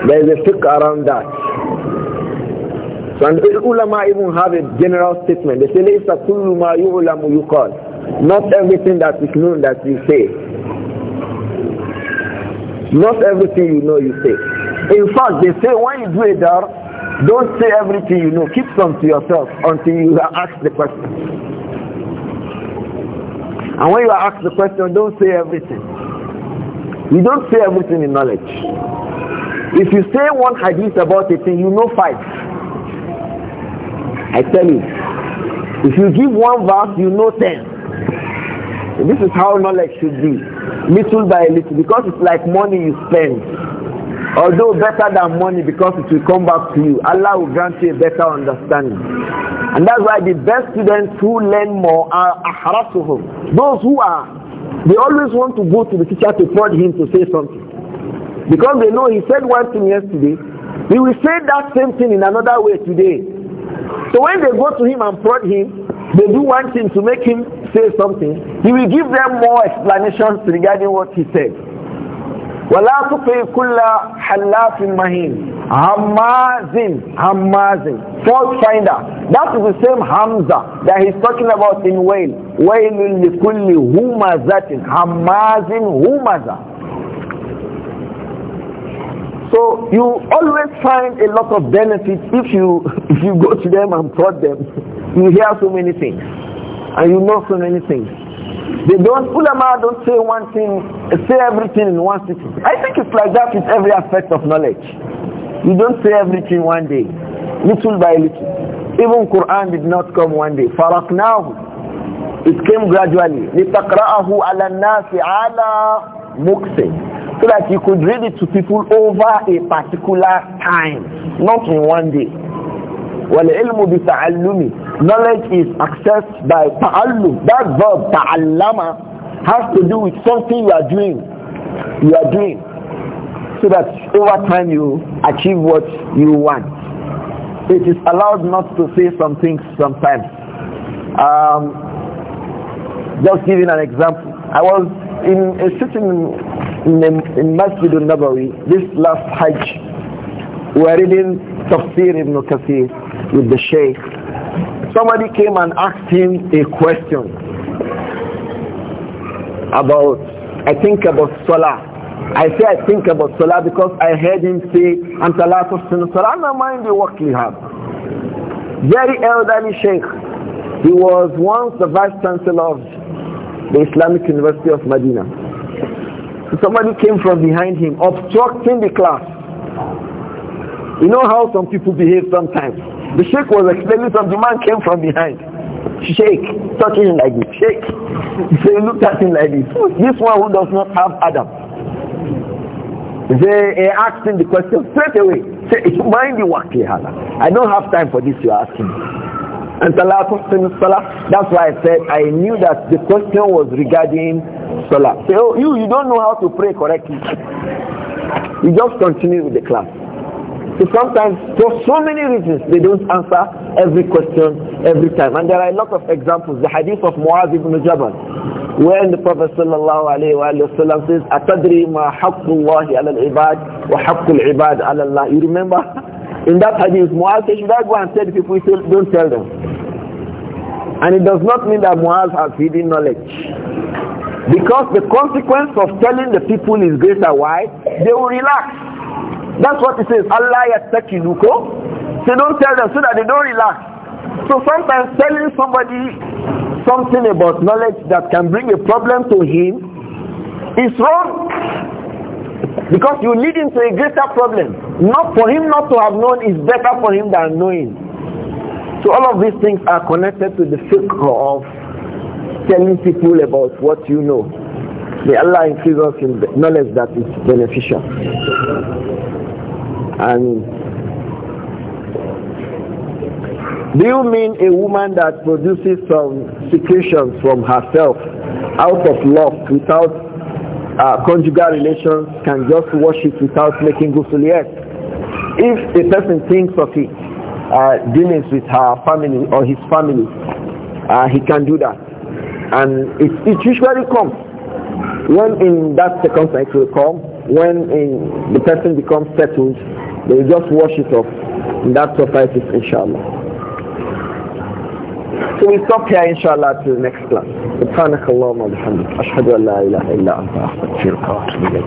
Speaker 1: There is a fiqh around that. So and the ulama even have a general statement. They say, لَيْسَ كُلُّ مَا يُعْلَمُ يُقَالُ Not everything that is known that you say. Not everything you know you say. In fact, they say when you do a dar, don't say everything you know. Keep some to yourself until you are asked the question. And when you are asked the question, don't say everything. You don't say everything in knowledge. If you say one hadith about a thing, you know five. I tell you, if you give one verse, you know ten. This is how knowledge should be, little by little, because it's like money you spend. Although better than money because it will come back to you. Allah will grant you a better understanding. And that's why the best students who learn more are ahrasuhum. Those who are, they always want to go to the teacher to prod him to say something. Because they know he said one thing yesterday, he will say that same thing in another way today. So when they go to him and prod him, they do one thing to make him say something. He will give them more explanations regarding what he said. ولا تطع كل حلاف مهين Hamazin, Hamazin, fault finder. That is the same Hamza that he's talking about in Wail. Wailul likulli humazatin, Hamazin humaza. So you always find a lot of benefits if you [LAUGHS] if you go to them and prod them. You hear so many things and you know so many things. They don't ulama don't say one thing, say everything in one sitting. I think it's like that with every aspect of knowledge. You don't say everything one day, little by little. Even Quran did not come one day. now, It came gradually. لِتَقْرَأَهُ عَلَى النَّاسِ عَلَى مُكْسِنٍ so that you could read it to people over a particular time, not in one day. وَالْعِلْمُ بِتَعَلُّمِ Knowledge is accessed by ta'allum. That verb, ta'allama, has to do with something you are doing. You are doing. So that over time you achieve what you want. It is allowed not to say some things sometimes. Um, just giving an example. I was in a sitting in, in Masjid al-Nabawi, this last Hajj, we were reading Tafsir ibn Kathir with the Sheikh. Somebody came and asked him a question about, I think about Salah. I say I think about Salah because I heard him say, and Salah to Salah, I mind the work you have. Very elderly Sheikh. He was once the Vice Chancellor of the Islamic University of Medina. So somebody came from behind him, obstructing the class. You know how some people behave sometimes. The sheikh was explaining something. The man came from behind. shake, touching him like this. Shake. He said, look at him like this. This one who does not have Adam. They asked him the question straight away. Say, mind the work, I don't have time for this you're asking. And Salah Tuhsin Salah. That's why I said I knew that the question was regarding Salah. So you, you don't know how to pray correctly. You just continue with the class. So sometimes, for so many reasons, they don't answer every question every time. And there are a lot of examples. The hadith of Muaz ibn Jabal, when the Prophet sallallahu alayhi wa sallam says, أَتَدْرِي مَا حَقُّ اللَّهِ عَلَى الْعِبَادِ وَحَقُّ الْعِبَادِ عَلَى اللَّهِ You remember? In that hadith, Muaz said, should I go and tell the people? He said, don't tell them. And it does not mean that Muaz has hidden knowledge. Because the consequence of telling the people is greater. Why? They will relax. That's what it says. Allah yattakiluko. So don't tell them so that they don't relax. So sometimes telling somebody something about knowledge that can bring a problem to him is wrong. Because you lead him to a greater problem. Not for him not to have known is better for him than knowing. So all of these things are connected to the fiqh of telling people about what you know. May Allah increase us in knowledge that is beneficial. And do you mean a woman that produces some secretions from herself out of love without uh, conjugal relations can just wash it without making ghusl yet. If a person thinks of it, uh, dealings with her family or his family, uh, he can do that. And it, it usually comes. When in that circumstance will come, when in, the person becomes settled, they just wash it off. And that suffices, inshallah. So we stop here, inshallah, to the next class. SubhanAllah, Alhamdulillah, Ashhadu an la ilaha illa anta, astaghfiruka wa